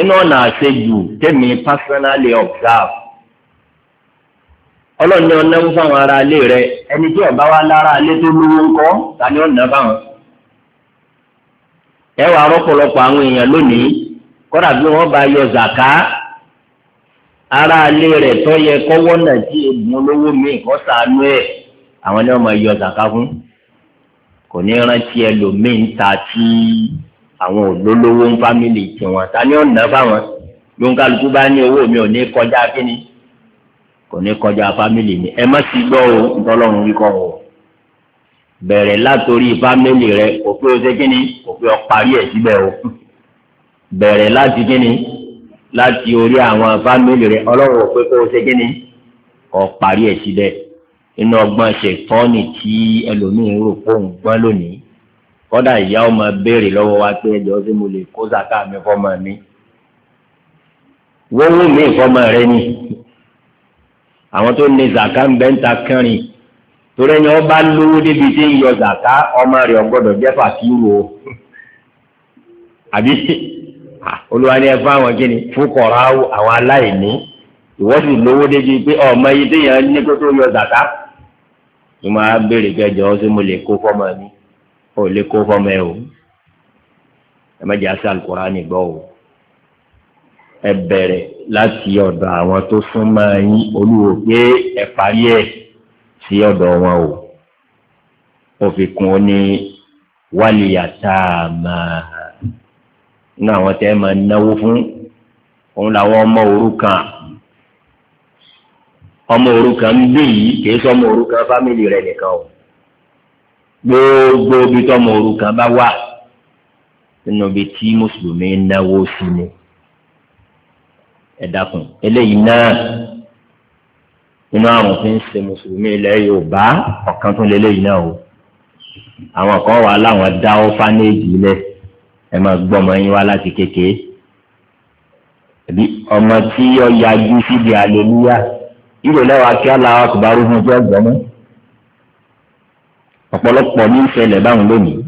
A: inú ọ̀nà àṣejù tèmi personally observe ọlọ́ni ọ̀nàwó fáwọn ará ilé rẹ ẹni tí ọba wa lára ilé tó lówó ọ̀nà ẹ àwọn èèyàn lónìí kọ́dà bí wọ́n bá yọ zàká ara ilé rẹ̀ tó yẹ kọ́wọ́ náà tí egun olówó mi kọ́ sànú ẹ̀ àwọn ni wọ́n máa yọ zàká fún kò ní rántí ẹlòmíín ta tí àwọn olólówó ń fámìlì tiwọn ta ni ọ̀nà fáwọn lóńkàlùkù bá ní owó mi ò ní kọjá kíni kò ní kọjá fámìlì mi ẹ má sì gbọ́ o ntọ́lọ́run wíkọ́ o bẹ̀rẹ̀ látòrí fámìlì rẹ kò pé o ṣe kíni kò pé o parí ẹ̀ síbẹ̀ o bẹ̀rẹ̀ láti kíni láti orí àwọn fámìlì rẹ ọlọ́run òpé kó o ṣe kí ni kò parí ẹ̀ síbẹ̀ inú ọgbọ́n ṣe tọ́ni tí ẹlòmíín rò pé òun gbọ́n lónìí kọ́dà ìyá ọmọ béèrè lọ́wọ́ wa pé ẹjọ́ sí mo lè kó sàkà mi fọ́mọ mi wọ́wọ́ mi fọ́mọ rẹ ni àwọn tó ní zàká ń bẹ́ ń ta kẹrin torí ẹni ọba lówó débi tí ń yọ zàká ọmọ rẹ ọgbọ́dọ̀ jẹ́ fàkíwò àbí olúwa ni ẹ fún àwọn kíni fúkọ̀rọ̀ àwọn aláìní ìwọ sì lówó débi pé ọmọ yìí téèyàn ní kó tó yọ zàká mo máa béèrè kẹjọ ọ sí mo lè kó fọmọ mi ò lè kó fọmọ ẹ o ẹ má jẹ́ àṣà Al-Kùránì o ẹ bẹ̀rẹ̀ láti ọ̀dọ̀ àwọn tó súnmọ́ yín olúwo pé ẹ parí ẹ̀ sí ọ̀dọ̀ wọn o ó kún ó ní wálìyàtà máa nínú àwọn tẹ́ máa náwó fún òun làwọn ọmọ òrukàn ọmọ òrukàn ń bí yìí kì í sọ ọmọ òrukàn fámìlì rẹ nìkan o gbogbo ibi tó ọmọ òrukàn bá wà nínú ibi tí mùsùlùmí náwó sí ni ẹ dákun eléyìí náà nínú àwọn tí ń ṣe mùsùlùmí ilẹ̀ Yorùbá ọ̀kan tún lélẹ́yìí náà o àwọn kan wà láwọn dá ọ́fánéèjì lẹ́sẹ̀ ẹ máa gbọ́ ọmọ yín wá láti kékeré ẹbí ọmọ tí ó yájú síbi àlelúyà ìrò lẹ́wàá kí aláwa kò bá rúfin tó ẹgbẹ́ mọ́ ọ̀pọ̀lọpọ̀ ní ìṣẹ̀lẹ̀ báwọn lónìí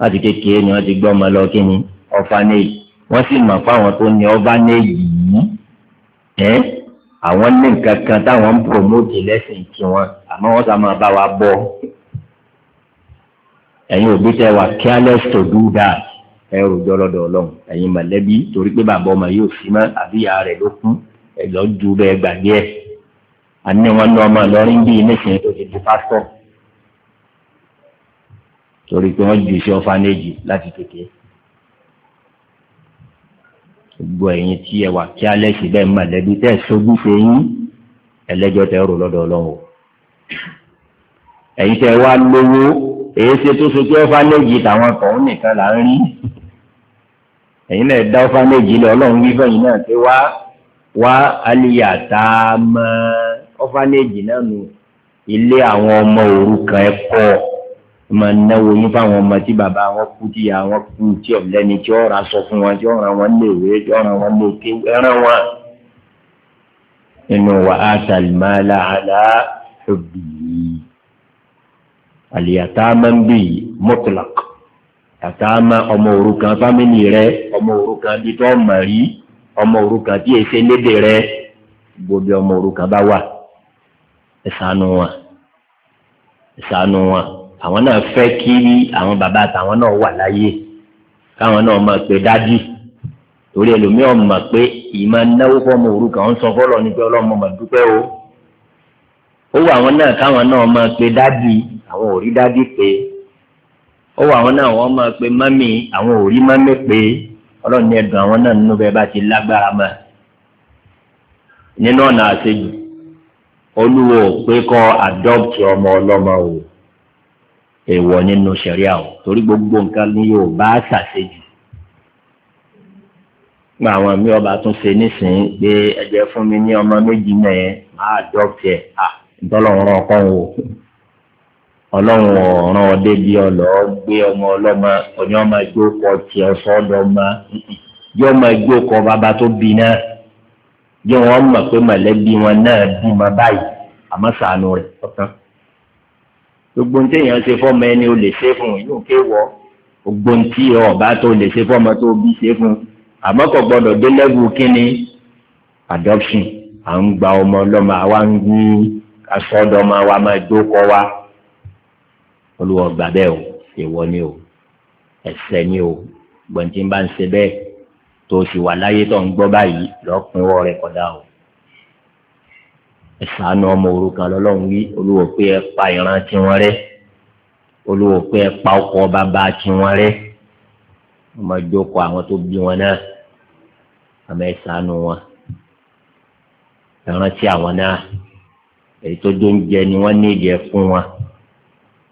A: láti kékeré ni wọ́n ti gbọ́ ọmọ lọ kí ni ọ̀fànẹ́yì wọ́n sì mọ̀ fáwọn tó ní ọ̀fànẹ́yì yìí ẹ́ àwọn ní nǹkan kan táwọn ń promote lẹ́sìn tiwọn àmọ́ wọ́n sá máa bá wa bọ́ ẹ̀yin òbí tẹ wà careless to do that ẹrù jọlọdọ Ọlọ́run ẹ̀yin mọ̀lẹ́bí torí pé bàbá ọmọ yóò fi mọ àbíyá rẹ ló kú ẹlọ ju bẹ́ẹ̀ gbàgbé ẹ àní wọn ní ọmọ Ìlọrin bíi nísìnyí tó ti di pásítọ̀ torí pé wọn jù sí ọfànẹjì láti kékeré gbogbo ẹ̀yin tí ẹ wà careless bẹ́ẹ̀ mọ̀lẹ́bí tẹ sojú fún yín ẹlẹ́jọ́ tẹ rò lọ́dọ̀ Ọlọ́run o ẹ̀yin tẹ wá lówó èyí ṣe tó so pé ọ̀fánẹ́jì tàwọn tọ̀hún nìkan là ń rí ẹ̀yin náà dá ọ̀fánẹ́jì lọ ọlọ́run wífẹ́ yìí náà pé wá wá aliyàtà mọ́ ọ̀fánẹ́jì náà nù ilé àwọn ọmọ òrukàn ẹ̀kọ́ máa náwó yín fáwọn ọmọ tí bàbá wọn kú tí ìyá wọn kú tí ọ̀lẹ́ni tí ọ̀rọ̀ aṣọ fún wọn tí ọ̀ràn wọn léèwé tí ọ̀ràn wọn lókè ẹran wọn. inú wa á tàlímà àlìyàtàmà ń bì yìí mutlaq àtàmà ọmọ òrukàn fámìlì rẹ ọmọ òrukàn bí tó mọ̀ rí ọmọ òrukàn tí èsè lédè rẹ gbòbí ọmọ òrukàn bá wà ẹ ṣàánú wọn ẹ ṣàánú wọn àwọn náà fẹ́ kí àwọn bàbá àtàwọn náà wà láyé káwọn náà máa pè dádì torí ẹlòmíràn mọ̀ pé ìmọ̀ náwó fọ́mọ òrukàn ń sọ fọ́lọ́ nípa ọlọ́mọ mọ̀ o ó wà àwọn náà káwọn náà máa pe dádì àwọn ò rí dádì pé ó wà àwọn náà wọ́n máa pe mọ́mì àwọn ò rí mọ́mì pé ọlọ́run ní ẹ̀dùn àwọn náà nínú bẹ́ẹ̀ bá ti lágbára mọ́ nínú ọ̀nà àṣejù olúwo pé kọ́ adopt ọmọ ọlọ́mọ o èèwọ̀ nínú sẹ̀ríà o torí gbogbo nǹkan ni yóò bá ṣàṣejù gba àwọn mi ọba tún ṣe nísìnyí pé ẹ̀jẹ̀ fún mi ní ọmọ méjì náà máa adopt ẹ̀ ah ntọ́lọ́run ọkọ wò ọlọ́run ọ̀ràn ọdẹ bí ọlọ́ gbé ọmọ ọlọ́mọ ọ̀ní ọmọ ẹgbẹ́ ọkọ tiẹ̀ sọ́dọ̀ ọmọ yọ ọmọ ẹgbẹ́ ọkọ bàbá tó bí náà yọ wọn mọ̀ pé mọ̀lẹ́bí wọn náà bí wọn báyìí àmọ́ sànù rẹ̀ ọ̀tán gbogbo ní téèyàn ṣe fọ́mọ ẹni o lè ṣe fún un yóò ké wọ gbogbo ní tí ọba tó lè ṣe fọ́mọ tó bí ṣe fún un àmọ́ kò gbọ́dọ̀ dé kínní adoption à ń gba ọmọ ọlọ́mọ àwa ń gbìn asọ́dọ̀ máa wá máa jókòó wá olùwọ̀ gbà bẹ́ẹ̀ o èèwọ̀ ni o ẹ̀ṣẹ̀ ni o gbọ̀ntì bá ń ṣe bẹ́ẹ̀ tó o sì wà láyé tó ń gbọ́ báyìí lọ́ọ́ pinwọ́ rẹ kọjá o ẹ̀sánú ọmọ òrukàn lọ́lọ́run wí olùwọ̀ pé ẹ pa ìran tiwọn rẹ́ olùwọ̀ pé ẹ pa ọkọ bàbá tiwọn rẹ́ ọmọ jókòó àwọn tó bí wọn náà àmọ́ ẹ̀sánú wọn ẹ̀rántí àwọn náà èyí tó jó ń jẹ ni wọ́n nídìí ẹ̀ fún wọn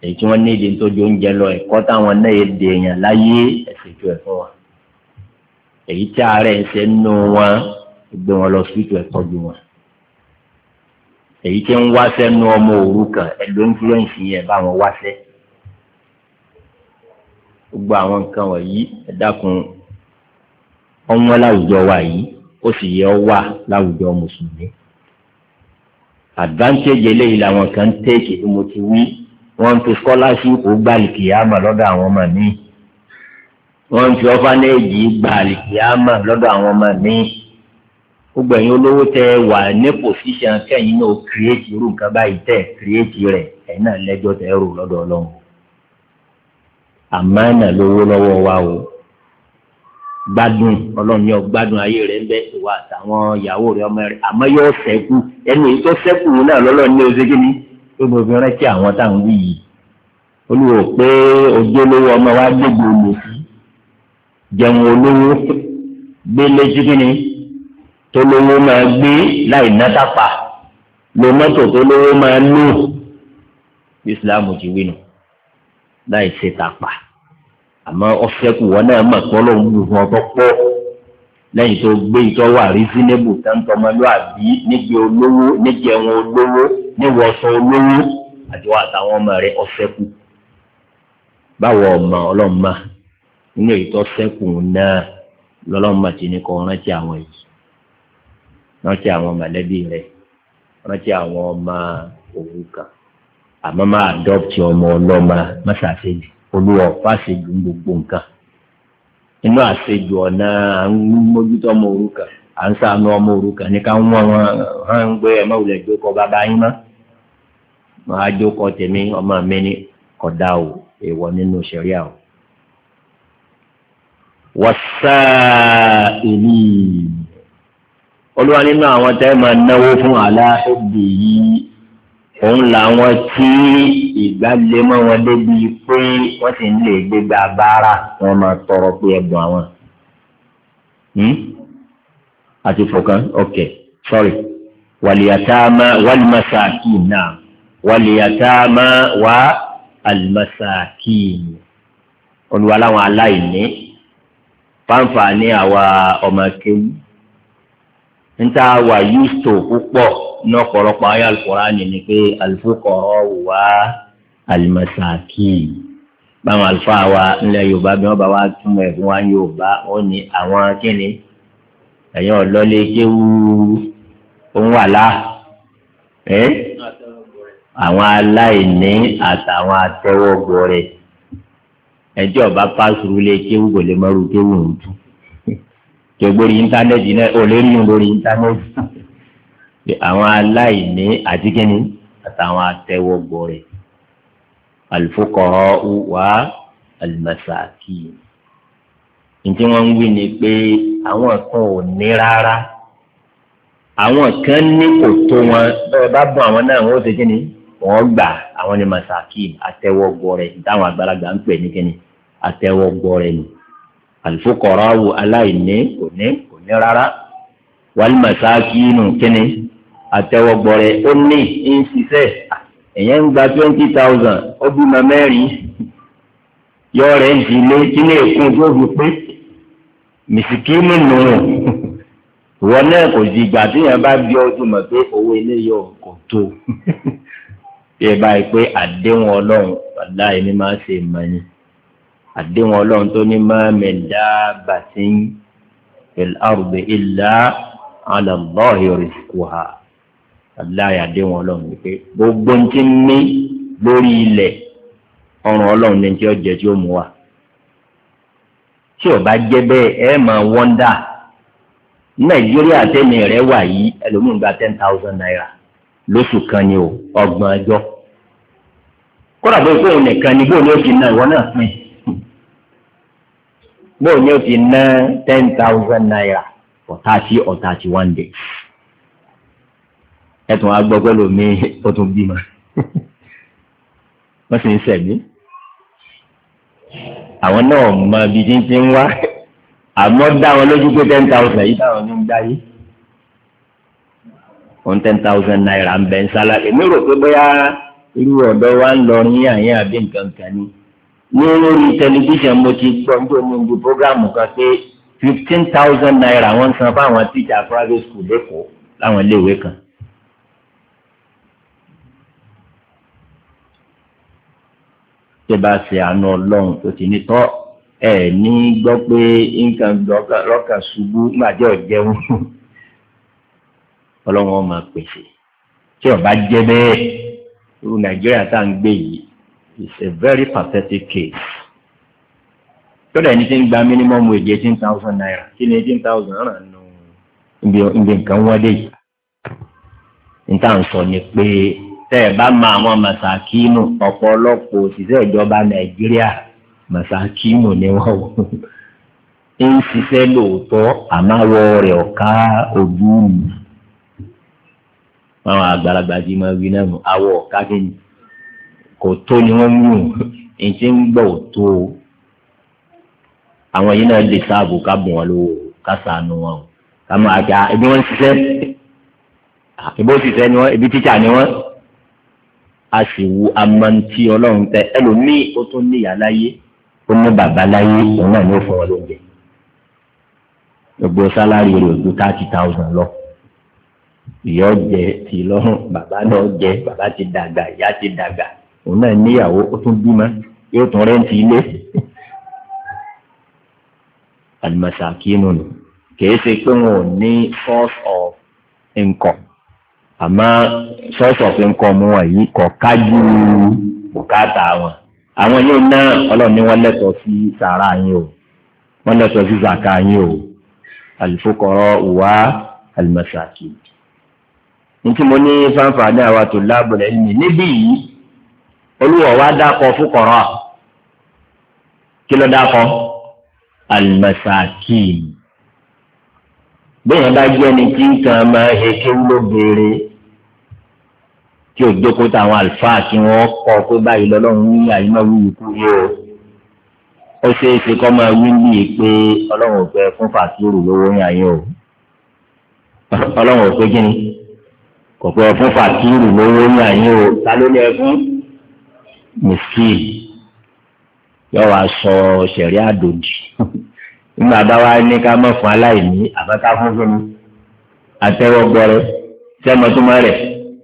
A: èyí tí wọ́n nídìí tó jó ń jẹ lọ ẹ̀kọ́ táwọn náà yẹ dè èèyàn láyé ẹ̀sìn ju ẹ̀ fún wọn èyí tí ààrẹ ń ṣe nù wọn gbé wọn lọ síìtù ẹ̀ tọ́jú wọn èyí tí ń wáṣẹ́ nu ọmọ òrukàn ẹ̀ ló ń fúlẹ̀ bá wọn wáṣẹ́ gbogbo àwọn nǹkan wọ̀nyí ẹ dákun láwùjọ wa yìí ó sì yẹ ọ wà láwùjọ mùsùlùmí advantage eléyìí làwọn kan tẹ́ẹ̀kì tí mo ti wí wọ́n fi scholarship gba ìkìyàmà lọ́dọ̀ àwọn ọmọ mi wọ́n fi ọ́fánẹ́ẹ̀jì gba ìkìyàmà lọ́dọ̀ àwọn ọmọ mi gbogbo ẹ̀yin olówó tẹ wà ní position kẹ́yìn náà create irú nǹkan báyìí tẹ̀ create rẹ̀ ẹ̀yin náà lẹ́jọ́ tẹ̀ rò lọ́dọ̀ ọlọ́run àmánà lówó lọ́wọ́ wa o gbádùn ọlọ́run yóò gbádùn ayé rẹ̀ ń bẹ́ ìwà àtàwọn ìyàwó rẹ̀ ọmọ rẹ̀ àmọ́ yóò sẹ́kù ẹnu èyí tó sẹ́kù náà lọ́lọ́run ní oṣù kìíní tó gbogbo rántí àwọn táwọn wí yìí olùwò pé ojúlówó ọmọ wa gbégbé olùsí jẹun olówó gbé létí kìíní tó lówó máa gbé láì ná tápà lo mọ́tò tó lówó máa lò Islam ti wí nù láì ṣe tápà àmọ́ ọ̀fẹ́kù wọn náà mà pọ́ lọ́wọ́ gbogbo fún ọkọ pọ́ lẹ́yìn tó gbé ìtọ́ wà reasonable táǹtọ́ ọmọlúwàbí níbi olówó níbi ẹ̀wọ̀n olówó níwọ̀sọ olówó àti wọn àtàwọn ọmọ rẹ̀ ọ̀fẹ́kù báwo ọmọ ọlọ́mọ nínú èyí tó náà lọ́lọ́mọ ti ní kọ́ rántí àwọn yìí rántí àwọn mọ̀lẹ́bí rẹ̀ rántí àwọn ọmọ òwú kan àmọ́ máa adopt ọmọ ọlọ́mọ mọ́sàáfẹ́lì olúwa fàṣejù gbogbo nǹkan inú àṣejù ọ̀nà à ń mójútó ọmọ òrukàn à ń sàánú ọmọ òrukàn ní ká ń wọ́n wọn hàn ń gbé ẹ̀mọ́ òwúlẹ̀ jókòó bàbá yín mọ́ máa jókòó tèmi ọmọ mi ní kọ̀dá o èèwọ̀ nínú ṣẹ̀ríà o. wọ́sá ìlú olúwa nínú àwọn tẹ́ máa náwó fún aláṣẹ́bì yìí òun làwọn tí ìgbàlẹ̀ mọ́ wọn débi pé wọ́n sì ń lè gbégbá báárà wọ́n máa tọrọ pé ẹ̀bùn àwọn. àti hmm? fọkàn ok sorry wàlìyàtàmà wàlìmàsàkì náà wàlìyàtàmà wà àlìmàsàkì olùwàláwọn aláìní fáǹfà ní àwa ọmọ kéwù níta wà yúùsò púpọ̀ ní ọ̀pọ̀lọpọ̀ ayé alukurani ni pé alufukọ̀rọ̀ wà alimasaki báwọn àlùfáà wa ńlẹ̀ yorùbá bí wọ́n bá wá túmọ̀ ẹ̀fún wa yorùbá ó ní àwọn kíni ẹ̀yin ọ̀lọ́lé kéwú òun wà láà àwọn aláìní àtàwọn atẹ́wọ́gbọ rẹ̀ ẹjọ́ ọba pàṣẹ rúlé kéwú kò lè mọ́rú tún ṣègbórí íńtánẹ́ẹ̀tì náà ò lè rí lórí íńtánẹ́ẹ̀tì àwọn aláìní àti kíni àtàwọn atẹwọgbọ rẹ alifokọrọ wà alimasaki ntí wọn ń wí ni pé àwọn kan ò ní rárá àwọn kan ní kò tó wọn bẹ́ẹ̀ bá bọ àwọn náà wọn ó ṣe kíni wọn gbà àwọn ni masaki atẹwọgbọ rẹ táwọn àgbàlagbà ń pè ní kíni atẹwọgbọ rẹ nìyí alifokọrawo aláìní kò ní kò ní rárá walimasakinu kini atẹwọgbọrẹ ó ní ń ṣiṣẹ́ èyàn ń gba twenty thousand ó bímọ mẹ́rin yọ rẹ ń ti lé tí ní èkó tó fi pé mìsìkínù nù ìwọ náà kò di ìgbà tí yẹn bá bí ọdún mọ̀ pé owó ilé yọ kò tó bí báyìí pé àdéhùn Ọlọ́run ọ̀la máa ṣe mọ̀ ni àdéhùn ọlọ́run tó ní ma min dabbatin fil ardi illa ala Allahi rizquha aláì àdéhùn ọlọ́run wípé gbogbo ń ti ní lórí ilẹ̀ ọrùn ọlọ́run ní tí ó jẹ tí ó mú wa tí ò bá jẹ́ bẹ́ẹ̀ ẹ máa wọ́ndà nàìjíríà tẹ́mi rẹ̀ wà yìí ẹlòmíín gba ten thousand naira lóṣù kan ni o ọgbọ̀n ọjọ́
B: kódà bó ikú òun nìkan ni bóun ló fi na ìwọ náà
A: pín in bóò ní o ti ná ten thousand naira for thirty or thirty one days ẹ tún wá gbọ́ pẹ́lú mi ó tún bímọ wọ́n sì ń sẹ̀mí àwọn náà mọ ibi tí ń ti wá àmọ́ dá wọn lójú pé ten thousand yìí táwọn ní ń dá yìí one ten thousand naira ń bẹ ń sálá èmi rò pé bóyá irú ọ̀dọ́ wa ń lọ ní àyè àbí nǹkan kan ni lórí tẹlifíṣàn mo ti gbọ́ ní omi ibi programu kan pé fifteen thousand naira wọ́n san fáwọn tíjà private school lẹ́kọ̀ọ́ láwọn iléèwé kan. tẹ́ bá ṣe àánú ọlọ́run tó ti ní tọ́ ẹ ní gbọ́ pé nǹkan lọ́kàn ṣubú gbàjẹ́ ọ̀jẹun ọlọ́run ọmọ pèsè tí ọba jẹ́ bẹ́ẹ̀ nàìjíríà tá à ń gbé yìí is a very pathetic case. Tọ́lá ẹni tí ń gba minimum wage eighteen thousand naira kí ni eighteen thousand ràn nù ibi nǹkan wọlé yìí. Níta ń sọ ni pé tẹ́ ẹ bá ma àwọn masakínu ọ̀pọ̀lọpọ̀ òṣìṣẹ́ ìjọba Nàìjíríà masakínu ni wọ́n Ń ṣiṣẹ́ lóòótọ́ rẹ̀ ojú mi. Àwọn àgbàlagbà jí máa wí náà nù kò tó ni wọ́n mú un ti ń gbọ́ ò tó o àwọn yìí náà lè sáàbù ká bùn wọn lówó ká sànù wọn o ká máa jà ebi wọn ṣiṣẹ́ ebi wọn ṣiṣẹ́ ni wọn ebi tíṣà ni wọn a sì wu amantí ọlọ́run tẹ ẹlòmíì ó tún níyà láyé ó ní bàbá láyé òun náà ní ó fún wọn lóúnjẹ gbogbo sálárì rẹ̀ ojú thirty thousand lọ ìyá ọjẹ ti lọ́rùn bàbá náà jẹ bàbá ti dàgbà ìyá ti dàgbà òun náà níyàwó ó tún bímọ yóò tún rẹ́ǹtì ilé alimasakinu nù kìí ṣe pé wọn ò ní source of income àmọ́ source of income wọn yìí kò kájú bùkátà wọn àwọn ilé náà ọlọ́run ni wọ́n lẹ́tọ̀ọ́ sí sàrà yín o wọ́n lẹ́tọ̀ọ́ sí zàkà yín o alifokoro wa alimasakinu ntí mo ní fanfani àwa tó láàbùrẹ̀ mi níbí yìí olúwa wa dákọ fúkọrọ kí ló dákọ alimasakin bẹ́ẹ̀ bá jẹ́ ni kí nǹkan máa he kí ló béèrè kí o jókòó táwọn àlùfáà kí wọ́n kọ́ pé báyìí lọ́lọ́run ní àyínà wíwí kú yé o ó ṣeé ṣe kọ́ máa wí ní pé ọlọ́run ò fẹ́ fún fàkírù lówó ní àyè o ọlọ́run ò fẹ́ kí ni kò fẹ́ fún fàkírù lówó ní àyè o ta ló ní fún miskin yóò wá sọ sẹ̀rí àdòdì nígbà bá wá ní ká mọ̀ fún aláìní àbáká fún fún mi àtẹ́wọ́ gbọ́rẹ́ sẹ́mọ̀túmọ̀ rẹ̀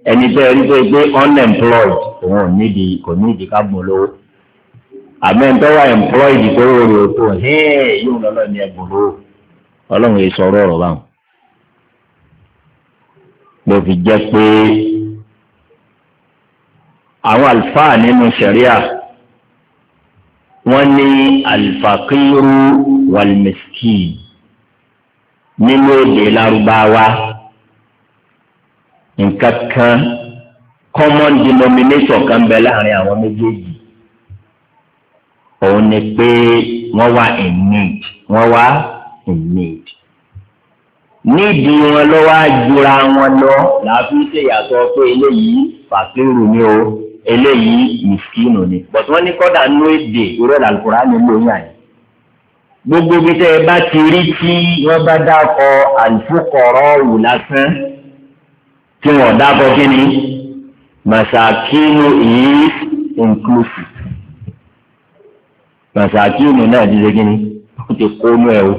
A: ẹni tó yẹ wípé pé unemployed òun ò nídìí kò nídìí ká gbọ́n lówó àmọ́ ẹni tó wà employed tó rò rò tó hẹ́ẹ̀ yóò lọ́lọ́ ní ẹgbọ̀n lówó ọlọ́run èso ọ̀rọ̀ ọ̀rọ̀ báwọn. mo fi jẹ́ pé àwọn àlùfáà nínú sẹ̀ríà wọ́n ní àlùfàkìrú wàlmẹ̀sìkì nínú èdè lárúbáwá nǹkan kan common denominator kan bẹ láàrin àwọn méjèèjì òun ni pé wọ́n wà in need wọ́n wà in need nídìí wọn lọ́wọ́ àjùra wọn lọ làá fi pé eléyìí fàkìrù ni o eléyìí mìsíkìnù ni but wọ́n ní kọ́dà nú èdè irọ́ làlùkùrá ni ló ń yàn yìí gbogbo bí tẹ́ ẹ bá ti rí tí wọ́n bá dákọ àlùfókọ̀rọ̀ wù lásán tí wọ́n dákọ kí ni masakinu is inclusive masakinu náà ti ṣe kí ni ó ti kó nú ẹ o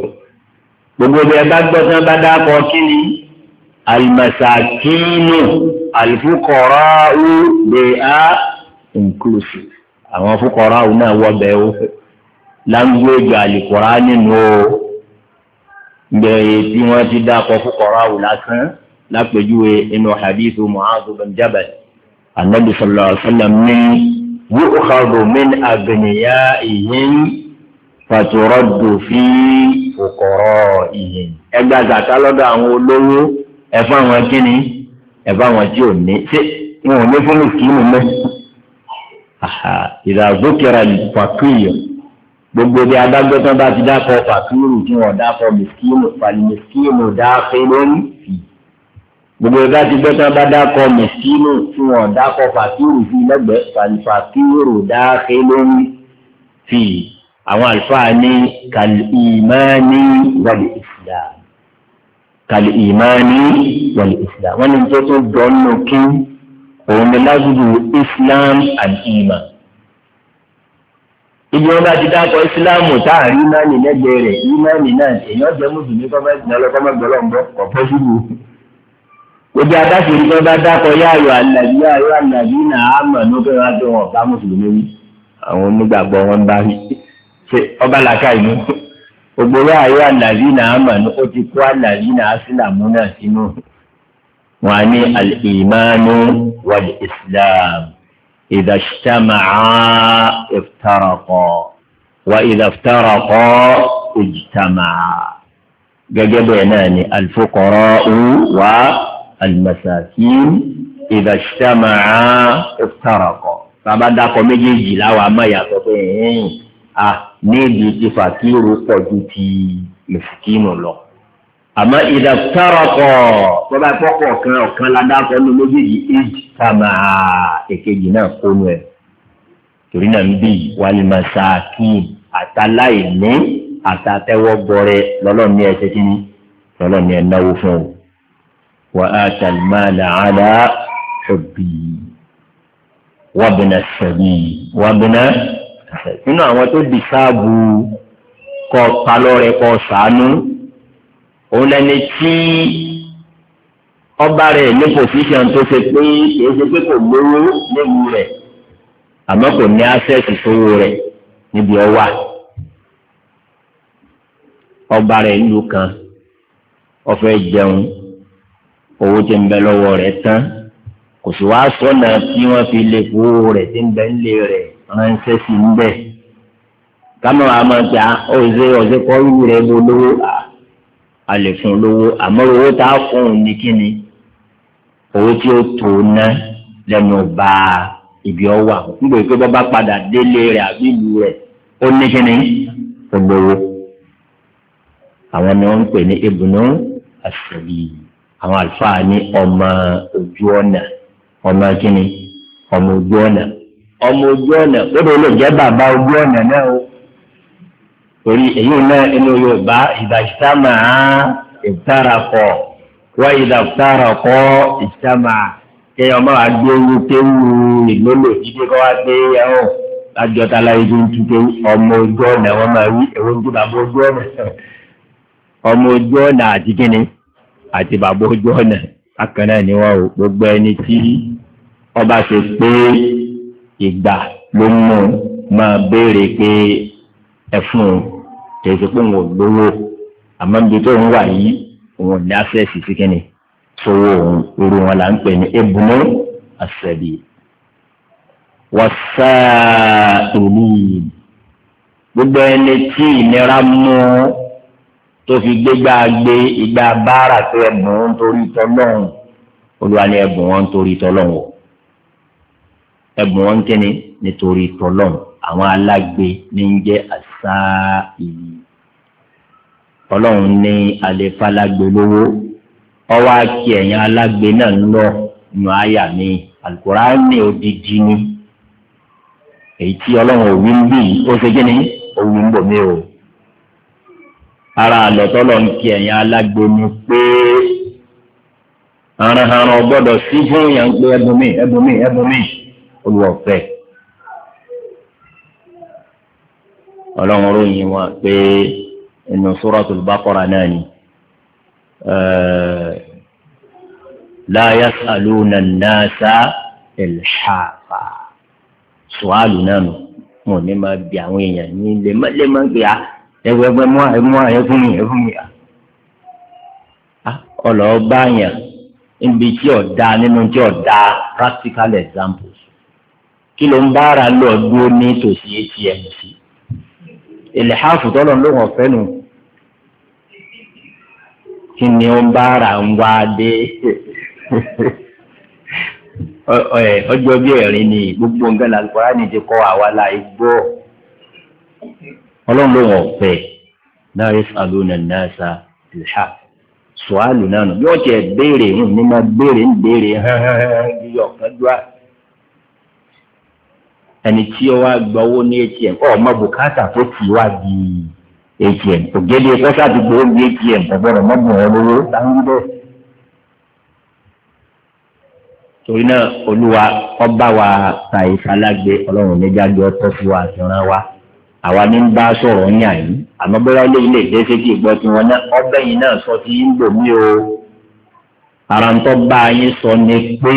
A: gbogbo bí ẹ bá gbọ́ tí wọ́n bá dákọ kí ni alimasakinu alifukọ̀ráwù they are inclusive àwọn fukọ̀ráwù náà wọ́ bẹ́ẹ̀ o language alikọ̀rá nínú o gbẹ̀yẹ̀ tí wọ́n ti dákọ̀ fukọ̀ráwù lásán lápẹ̀júwe inú hadithu mu'adhu bin jabal anabi sallallahu alaihi wa sallam ní yu'khadhu min aghniyaihim faturaddu fi fuqaraihim ẹgbẹ́ àgàtà àwọn olówó ẹ̀fọ́ àwọn kínní ẹ bá wọn jí òní ṣé wọn ò ní fún mi kì í mú mẹ ìdàgbòkèrè fàkìyọ gbogbo bí adágbé tán bá ti dákọ fàkìyọ tí wọn dákọ mẹsìkìmù fàlìmẹsìkìmù dáfẹ lónìí gbogbo ìgbà tí gbẹ́tọ́ bá dákọ̀ mẹ̀sínù tí wọ́n dákọ̀ fàkírù sí lẹ́gbẹ̀ẹ́ fàkírù dáké lórí fi àwọn àlùfáà ní kàlìmánì wàlẹ̀ ìfọ̀ kàlí ìmáàní wal islam wọn ní tó tó dọ́nù kí òun ni lágbègbè islam and iman ibi wọn bá ti dákọ ìsìláàmù tá a rí imáàní lẹ́gbẹ̀ẹ́ rẹ̀ imáàní náà èèyàn jẹ́ mùsùlùmí kọ́mọ́ ìsìn ọlọ́kọ́mọ́ gbọ́lọ́ ń bọ́ kọ́ síbu gbogbo adáṣe ní wọn bá dákọ yáàyò àlàbí yáàyò àlàbí náà á mọ̀ ní pé wọn á tó wọn bá mùsùlùmí àwọn onígbàgbọ́ wọn bá rí ṣe ọba ìlú gbogbo ayé alàzínà àmàlú ó ti kó alàzínà asílámù náà sínú wọn á ní alìmánú wàlì islam ìdàṣítàmàá ìfitarakọ wà ìdàfitarakọ ìjìtàmàá gẹ́gẹ́ bẹ́ẹ̀ náà ni alifokọrọ wà alimasakin ìdàṣítàmàá ìfitarakọ bàbá dákọ méjèèjì láwọn amáyàtọ̀ pé a níbi ti fàkírù pọ̀ ju ti mùsùlùmù lọ. àmọ́ ìdàtàrọ̀kọ̀ bọ́bá ìpọ́kọ̀ ọ̀kan ọ̀kan ládàkọ̀ ní méjèèjì éjì sábà èkejì náà kónú ẹ̀ torí náà ń bí wàlí masakin àtàláìní àtàtẹ́wọ́gbọ̀rẹ lọ́lọ́ọ̀ni ẹ̀ ṣe kí lọ́lọ́ọ̀ni ẹ̀ náwó fún o وآتى المال على حبه وابن السبيل وابن nínú àwọn tó di sáàbù kọ palọ́rẹ̀ kọ sàánú òun lẹni tí ọba rẹ̀ ní pòsíṣàn tó ṣe pé kìí ṣe pé kò lówó léwu rẹ̀ àmọ́ kò ní ásẹ́ẹ̀sì sówó rẹ̀ níbi ọwà ọba rẹ̀ nílùú kan ọfẹ́ jẹun owó tí ń bẹ lọ́wọ́ rẹ̀ tán kò sì wá sọ́nà tí wọ́n fi lè fowó rẹ̀ tí ń bẹ ń lé rẹ̀ ránṣẹ́ sí ń bẹ̀ kámọ́ àmọ́jà ọ̀ṣẹ́ ọ̀ṣẹ́ kọ́ irú rẹ̀ bó lówó a lè fún lówó àmọ́ owó tá a fún òun ní kíni owó tí ó tó ná lẹ́nu bá ibi ọwà nígbà pé bọ́ padà délé rẹ̀ àbí ìlú rẹ̀ ó ní kíni ó àwọn ni wọ́n ń pè ní ibùnú àṣẹbí àwọn àlùfáà ní ọmọ ojú ọ̀nà ọmọ kíni ọmọ ojú ọ̀nà ọmọ ojú ọ̀nà kódà ó lè jẹ́ bàbá ojú ọ̀nà náà o torí èyí náà inú yorùbá ìdàgbàsámà ìtarakọ wọ́n ìdàgbàsárakọ ìsàmà kí ọmọ wa gbé ewu kéwu ìgbélò jíde kọ́ wa gbé ẹ̀hún e, lájọta láyé tó ń túké ọmọ ojú ọ̀nà wọn máa wí ẹ̀wọ́n ojú bàbá ojú ọ̀nà ọmọ ojú ọ̀nà àti kíni àti bàbá ojú ọ̀nà akànnà ni wọn ò gbogbo ẹni tí ọba ṣe pé ìgbà ló mú máa béèrè pé ẹfun tẹsí pé òun ò lówó àmọ́ níbi tó ń wà yìí òun ò ní access sí kínní sówó òun irú wọn là ń pè ní ebùnú àṣẹbí wàsá ìlú gbogbo ẹni tí ìnira mú tó fi gbégbá gbé ìgbà báárà tó ẹbùn ń torí tọlọ́hún olùwà ni ẹbùn wọn ń torí tọlọ́hún o. ẹ̀bùn wọn kẹ́ni nítorí tọ́lọ́n àwọn alágbe ní ń jẹ́ àṣà ìlú ọlọ́run ní alẹ́ lówó ọwọ́ akí ẹ̀yìn alágbe náà ń lọ nù àyà mi odidi ni èyí tí ọlọ́run òwì ń bì ó ṣe o ara àlọ́tọ́lọ́ ń kí ẹ̀yìn alágbe ni pé haranharan sí fún yàn pé olùwọ̀fẹ́ ọlọ́run ròyìn wọn pé inú Suratul Baqara náà ni la yas'aluna an-nasa ilhafa sùhálù náà nù mo ní máa bi àwọn èèyàn ní lemọ́lemọ́ pé a ẹgbẹ́gbẹ́ mọ́ ẹ mọ́ ẹ fún mi ẹ fún mi ọlọ́ọ̀ báyàn níbi tí ọ̀dà nínú tí ọ̀dà practical examples kí ló ń bára lọ dúró ní tòsí atm sí èlé háàfù tọ́lọ̀ ló hàn fẹ́ nù kí ni ó ń bára ń wá dé ọjọ́ bí ẹ̀rín ni gbogbo nǹkan làlùkọ́rá ni ti kọ́ àwa la igbó
B: ọlọ́run ló hàn fẹ́
A: náà yẹ sàlùnà náà sa èlé háàfù sùhálù náà nù yóò tẹ béèrè ń ní ma béèrè ń béèrè hàn hàn hàn yọ̀ọ̀kan dúrà ẹni tí ó wá gba owó ní atm ọmọ bùkátà tó ti wá di atm ògèdè kọ́sà ti gbowó ní atm ọ̀gbọ́dọ̀ mọ́gbọ̀n ẹ lówó dáhùn bẹ́ẹ̀. torí náà olúwa ọba wa ta ìfalágbe ọlọ́run nígbàgbé ọtọ́ sí wa àtúnrán wa àwa ní ń bá sọ̀rọ̀ ń yàn yín àmọ́ bóyá ilé ilé ìdẹ́sẹ̀ kì í gbọ́ tí wọn náà ọbẹ̀ yìí náà sọ ti ń lò mí o ara ń tọ́ bá yín sọ ni pé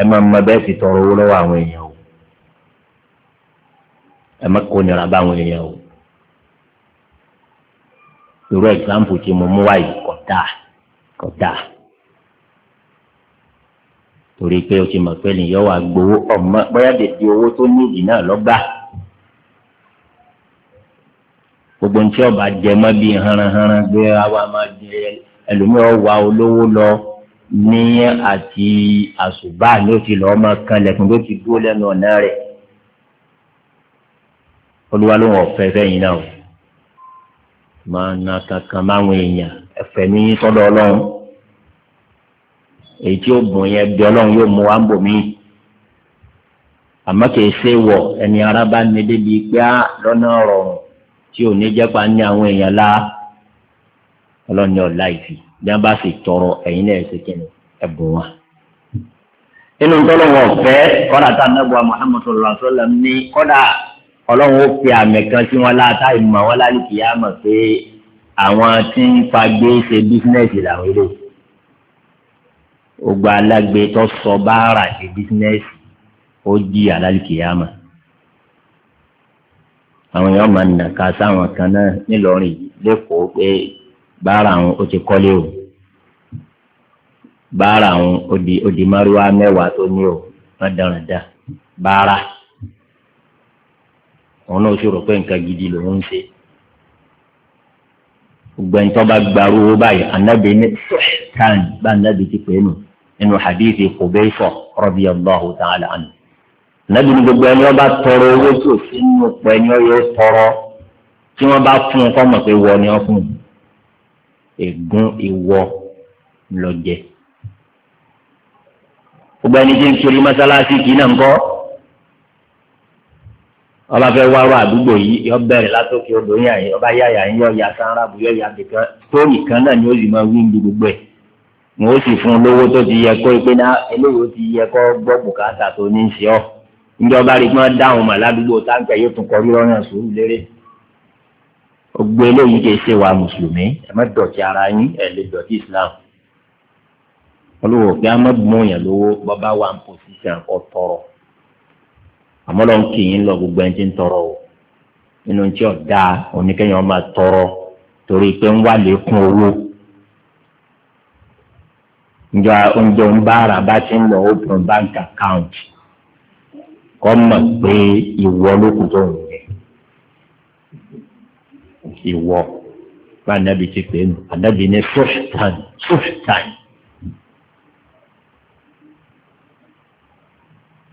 A: ẹ máa mọ bẹ́ẹ̀ ti tọrọ owó lọ́wọ́ àwọn èèyàn o ẹ má kó nira báwọn èèyàn o irú ẹ̀gbáǹpù tí mo mú wáyé kò dáa kò dáa torí pé o ti mọ̀ pé nìyẹn wà gbowó ọmọ bóyá dèdè owó tó nídìí náà lọ́gbà gbogbo nítí ọba jẹ mọ́ bíi hanranhanran gbé àwa máa jẹ ẹlòmíràn wà olówó lọ ní àti àṣùbà ní o ti lọ́ọ́ máa kan lẹ́kùn tó ti dúró lẹ́nu ọ̀nà rẹ̀ olúwa ló wọn fẹ́ fẹ́yìn náà o máa na kankan máwọn èèyàn ẹ̀fẹ̀ ní sọ́dọ̀ ọlọ́run èyí tí ó bùn yẹn bí ọlọ́run yóò mú wa ń bò mí àmọ́ kìí ṣe wọ̀ ẹni ara bá ní débi pé á lọ́nà rọrùn tí ò ní jẹ́pà ní àwọn èèyàn la ọlọ́run ní ọ̀la ìfì bí wọ́n bá sì tọrọ ẹ̀yin náà ṣe kí ni ẹ̀bùn wa.
B: inú tọ́lọ́wọ̀ ọ̀fẹ́ kọ́dà tá
A: a nẹ́bùa Muhammadu sallallahu ní kọ́dà ọlọ́run ó fi àmì kan tí wọ́n láta ìmọ̀ wọn lálùkì yá mọ̀ pé àwọn tí ń fagbé ṣe bísínẹ́sì làwọn ilé gbogbo alágbe tó sọ báárà ṣe bísínẹ́sì ó di àlálùkì yá mọ̀ àwọn èèyàn máa nàka sáwọn kan náà nílọrin lẹ́kọ̀ọ́ pé báárà àwọn ó ti kọ́lé o báárà àwọn ó di márùwá mẹ́wàá tó ní o wọ́n dáradá báárà òun náà ṣòro pé nǹkan gidi lòun ń ṣe gbẹ̀yìn tó bá gbarú owó báyìí anábì ní sọ́ọ̀tàn bá anábì ti pè é nù nínú hadithi Hubayfa radiyallahu ta'ala anhu anábì ní gbogbo ẹni ọba tọrọ owó tó sí nínú ni ọ yóò tọrọ tí wọ́n bá fún un kọ́ mọ̀ pé wọ ni wọ́n fún un ègún ìwọ lọ jẹ gbogbo ẹni tí ń kiri mọ́sálásí kì í nà ń kọ́
B: ọba fẹ́ wá wá àdúgbò
A: yìí yọ bẹ̀rẹ̀ látòkè odò yàn yìí ọba yàyà yín yọ ya sanrabu yọ ya bìkan tóòrì kan náà ni ó sì máa wí ní gbogbo ẹ̀ wọn ó sì fún un lówó tó ti yẹ kó pé náà eléyìí ó ti yẹ kó gbọ́ bùkátà tó ní í ṣe ọ́ ìjọba rí pọ́n dáhùn mà ládùúgbò táǹkẹ́ yóò tún kọrí lọ́rùn sùúrù lérè gbogbo eléyìí kì í ṣe wà mùsùlùmí ẹ má dọ̀tí ara yín ẹ lè dọ̀tí Islam olùwọ̀ pé a má gbọ́n yẹn lówó bọ́ àmọ́ lọ́n kì í lọ gbogbo ẹni tí ń tọrọ o nínú tí ò dáa oníkẹ́yìn ọmọ tọrọ torí pé ń wà lékún owó njọ oúnjẹ ń bá ara bá ti ń lọ open bank account kọ́ mọ̀ pé ìwọ ló kù tó ń yẹ ìwọ bá anábì ti pè é nù anábì ní sọ́fìtàn sọ́fìtàn.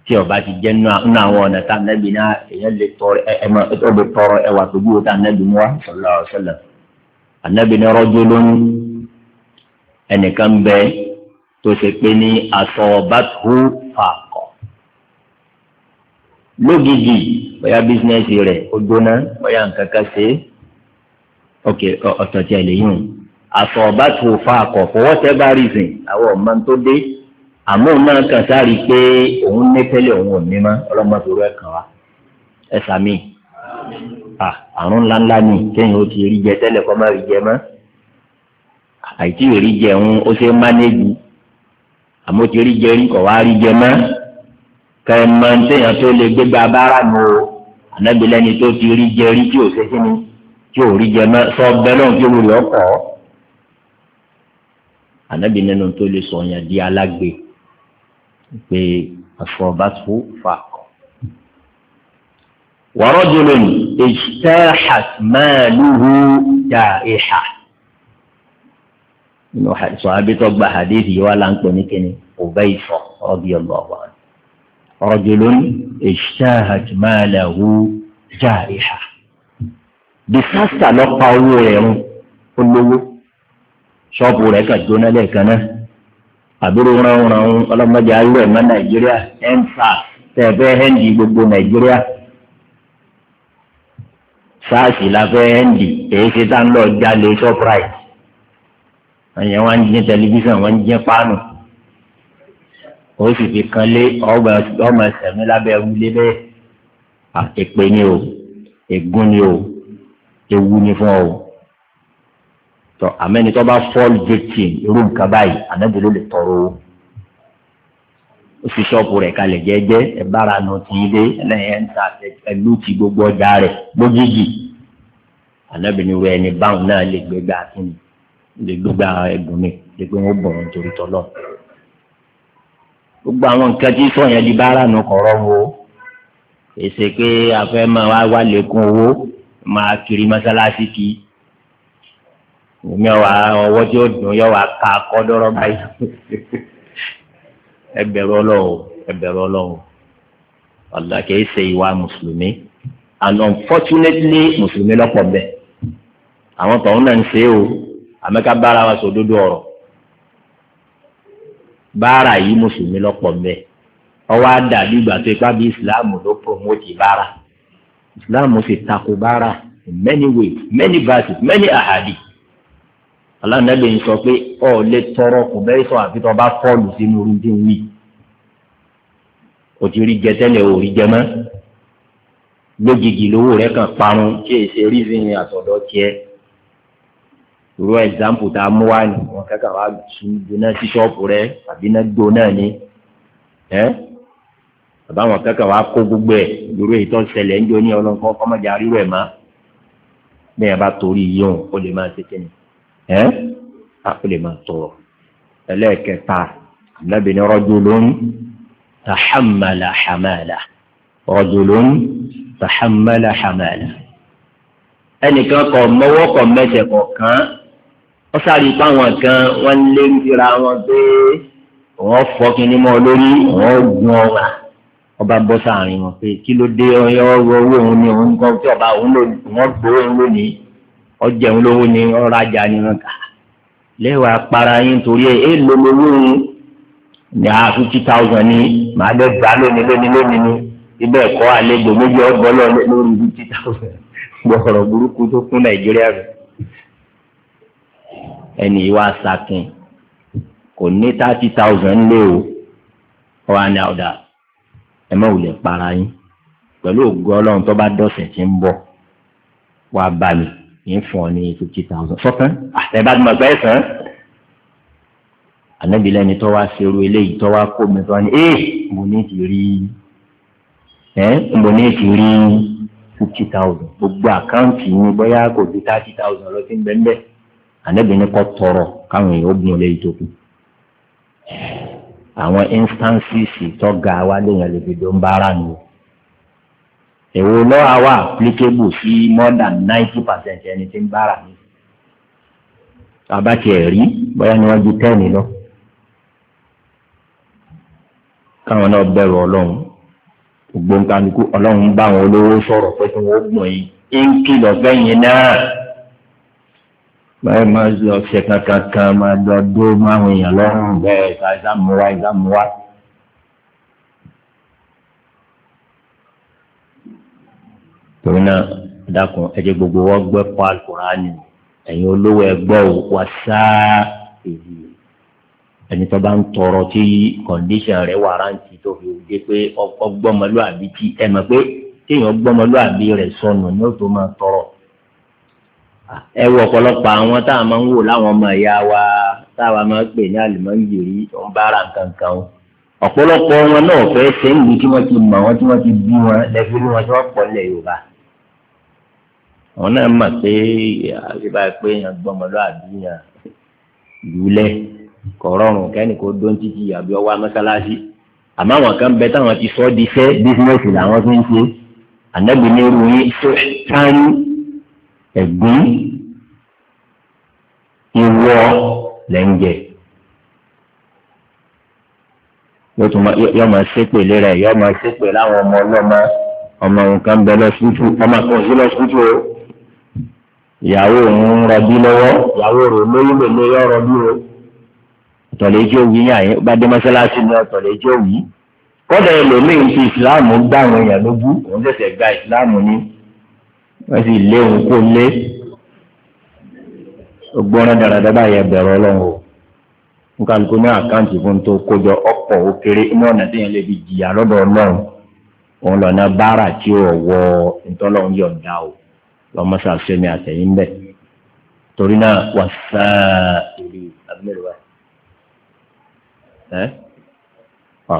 A: tí ọba ti jẹ́ nínú àwọn ọ̀nà tá nẹ́bi náà èèyàn lè tọrọ ẹ mọ ó lè tọrọ ẹwà tó bí o tá nẹ́bi mú wa sọlá ọ̀sẹ̀lẹ̀ ànẹ́bi ní rọ́jò lónìí ẹnìkan bẹ tó ṣe pé ní aṣọ ọba tó fà kọ lógìgì bóyá bísínẹ́sì rẹ̀ ó gbóná bóyá nǹkan kan ṣe ok ọ̀tọ̀ tí a lè yùn aṣọ ọba tó fà kọ for whatever reason àwọn ọ̀mọ́ tó dé àmọ́ òun náà kàn sáré pé òun ní tẹ́lẹ̀ òun ò ní mọ́ ọlọ́mọ tó rẹ̀ kàn wá ẹ sàmì àrùn ńláńlá ni kéèyàn ó ti rí jẹ tẹ́lẹ̀ kọ́ má rí jẹ mọ́ àìtí rí jẹ ń ó ṣe mánéjì àmọ́ ti rí jẹ rí kọ̀ wá rí jẹ mọ́ kẹ́ téèyàn tó lè gbégbá bára nù o ànábìlẹ́ni tó ti rí jẹ rí tí ò ṣe kí ni tí ò rí jẹ mọ́ sọ bẹ́ẹ̀ náà kí olùrẹ̀ ọkọ̀ ànábìlẹ́ni tó lè sọ̀yàn di alágbe pé àfọ̀bátú fàkọ̀. wa rajulun ijtahat maluhu jaiha. inú sọ̀hábí tó gba hadith yìí wá là ń pè ní kíni Ubaysa radiyallahu anhu. rajulun ijtahat maluhu jaiha. disasta lọ́pàá owó rẹ̀ rún olówó ṣọ́ọ̀bù rẹ̀ kà jóná lẹ́ẹ̀kan náà àbúrò ránran ọlọ́mọdé ayúwẹ̀ mọ́ nàìjíríà ẹ̀ńfà tẹ̀fẹ́ hẹ́ndì gbogbo nàìjíríà sáàsì la fẹ́ hẹ́ndì èyí ṣe tá ń lọ jalè shoprite ẹ̀yẹ wọn ń jẹ tẹlifíṣàn wọn ń jẹ páànù ó sì fi kan lé ọmọ ẹsẹ̀mí lábẹ́ wílé bẹ́ẹ̀ èpè ni o ègún ni o ewu ni fún ọ tọ àmẹni tó bá fall victim irú nǹkan báyìí ànábì ló lè tọrọ o ó fi ṣọ́ọ̀pù rẹ̀ kalẹ̀ jẹ́jẹ́ ẹ bára nu ti ilé ẹlẹ́yìn ẹ̀ńtà ẹlú ti gbogbo ọjà rẹ̀ lójijì ànábì ni irú ẹni báwọn náà lè gbégbá kíni lè gbégbá ẹ̀gùn mi lè gbé wọn bọ̀ wọn torí tọ́lọ̀ gbogbo àwọn nǹkan tí sọ̀yẹn di bára nu kọ̀ọ̀rọ̀ wo èsì afẹ́ máa wá wá owó máa kiri mọ́sálásí kìí èmi ọwà ọwọ́ tí ó dùn yọ wà ká kọ́dọ́rọ́ báyìí ẹbẹ̀rù ọlọ́wọ́ ẹbẹ̀rù ọlọ́wọ́ ọ̀là kìí ṣe ìwà mùsùlùmí and unfortunately mùsùlùmí lọ́pọ̀ bẹ́ẹ̀ àwọn tọ̀hún náà ń ṣe é o àmẹ́ká bára wa sọ òdodo ọ̀rọ̀ bára yìí mùsùlùmí lọ́pọ̀ bẹ́ẹ̀ ọwọ́ á dàbí ìgbà tó ipá bí ìsìláàmù ló promote bára Islam sì takò bára in many ways many verses many ahadi aláǹdẹ́gbẹ̀ ń sọ pé ọ lè tọrọ kò bẹ́ẹ̀ sọ àfi tó bá fọ́ọ̀lù sínú orí tí ń wí kò ti rí jẹ tẹ́lẹ̀ ò rí jẹ mọ́ lójijì lówó rẹ̀ kàn parun tí èsì rízìn ní àtọ̀dọ̀ tiẹ̀ irú ẹ̀gbáǹpù tá a mú wá ní wọn kẹ́kọ̀ọ́ wá gbóná sí ṣọ́ọ̀pù rẹ̀ àbí iná gbó náà ni ẹ́ bàbá wọn kẹ́kọ̀ọ́ wá kó gbogbo ẹ̀ irú ìtọ́ ṣẹlẹ̀ ń jó ní ọlọ́nkọ́ kọ́mọ́jà rírọ̀ ẹ̀ má bẹ́ẹ̀ bá torí yíyún ó lè máa ṣe kíni ẹ́ ó lè máa tọrọ ẹlẹ́ẹ̀kẹta lábìnrin rajulun tahammala hamala rajulun tahammala hamala ẹnìkan kò mọ́wọ́ kò mẹ́sẹ̀ kọ̀ọ̀kan wọ́n sáré pa àwọn kan wọ́n lé ń fira wọn pé wọ́n fọ́ kínní mọ́ lórí wọ́n gun ọ̀rà ọba bọ́ sáàrin wọn pé kí ló dé ọyọ́ owó òun ni òun kọ́ tí ọba òun lò wọ́n gbowó òun lónìí. ọjẹun lówó ni ọrajà ni wọn kà lẹ́wọ̀ apara yín torí ẹ̀ ẹ́ ló ní a fifty thousand ní màá bẹ gbà lónìí lónìí lónìí ibẹ̀ kọ́ àlejò méjì ọgbọ́n lórí fifty thousand burúkú tó kún nàìjíríà o ọ̀hún àná ọ̀dà ẹ má wulẹ̀ para yín pẹ̀lú ògùn ọlọ́run bá dọ̀sẹ̀ tí ń bọ̀ wá bá mi. yẹn fún ọ ní fifty thousand fọkàn àtẹ̀bàdàn ah, mọ̀ pé sàn. ànábì lẹ́ni tó wá ṣerú eléyìí tó wá kó mi tó wá ní ee mo ní ti rí ẹ mo ní ti rí fifty thousand gbogbo àkáǹtì yín bóyá kò ju thirty thousand lọ sí bẹ́ẹ̀ ànábì ní kọ́ tọrọ káwọn èèyàn ó gun eléyìí tó kù. àwọn instances tó ga wa lèèyàn lè fi dó ń bára nù èwo lọ́wọ́ àwa applicable sí more than ninety percent ẹni tí ń bára mi bàbá tiẹ̀ rí bóyá ni wọ́n ju ten lọ káwọn náà bẹ̀rù ọlọ́run ògbóǹkanìkú ọlọ́run ń bá àwọn olówó sọ̀rọ̀ pé kí wọ́n gbọ̀n yìí ń kìlọ̀ fẹ́yìn náà báyìí máa lọ ṣe kankan kan máa lọ dó máa ń yàn lọ́rùn bẹ́ẹ̀ ká ìsàmúwá. torí náà dákun ẹjẹ gbogbo wọn gbẹ kọ alukurani ẹ̀yin olówó ẹgbọ wa sáà èyí ẹni tó bá ń tọrọ tí kọndíṣàn rẹ̀ wà rántí tó fi dé pé ọgbọmọlúàbí tí ẹ mọ̀ pé kéèyàn gbọmọlúàbí rẹ̀ sọnù ní òtò máa tọrọ ẹ wọ ọ̀pọ̀lọpọ̀ àwọn tá a máa ń wò láwọn ọmọ ìyá wa tá a máa ń pè ní àlùmọ́ǹgìrì tó ń bára kankan o ọ̀pọ̀lọpọ̀ wọn náà fẹ́ sẹ́yìn tí wọ́n ti mọ̀ wọ́n tí wọ́n ti bí wọn lẹ́fí wọn tí wọ́n pọ̀ àwọn náà mọ̀ pé àríwá pé èèyàn gbọmọlọ àdúyàn lulẹ̀ kọ̀ọ̀rọ̀rùn kẹ́ni kó dó ń títí àbí ọwọ́ amọ́sálásí àmọ́ àwọn kan bẹ táwọn ti sọ di fẹ́ bísíǹnẹ́sì làwọn fi ń ṣe ànábì ní irú yín tó sáyé ẹ̀gbín ìwọ lẹ́ńjẹ. yóò tún yóò máa ṣépè yóò máa ṣépè láwọn ọmọ ọlọ́mọ ọmọ nǹkan bẹ lọ síbítù ọmọ kan sí lọ síbítù o ìyàwó òun rọbí lọ́wọ́ ìyàwó rẹ̀ lóyún lòlẹ́ yọ rọbí o tọ̀lé jẹ́ òwì yàn yín bá dé mọ́sálásí ni tọ̀lé jẹ́ òwì kọ́dà ẹlòmíì ti ìsìláàmù gbà àwọn èèyàn lójú òun tẹ̀sẹ̀ gba ìsìláàmù ni wọ́n sì lé òun kó lé gbọ́nrán dáradára yẹ bẹ̀rẹ̀ ọlọ́run o nkàlùkù ní àkáǹtì fún tó kójọ ọ̀pọ̀ òkèrè inú ọ̀nà tí yẹn lè fi jìyà lọ́dọ̀ ọlọ́run òun lọ́nà báárà tí ò wọ ìtọ́lọ́run yọ̀ǹda o. lọmọ lọ́mọ́sá sẹ́mi àtẹ̀yìn bẹ́ẹ̀ torí náà wà sáà ìlú abúlé ẹ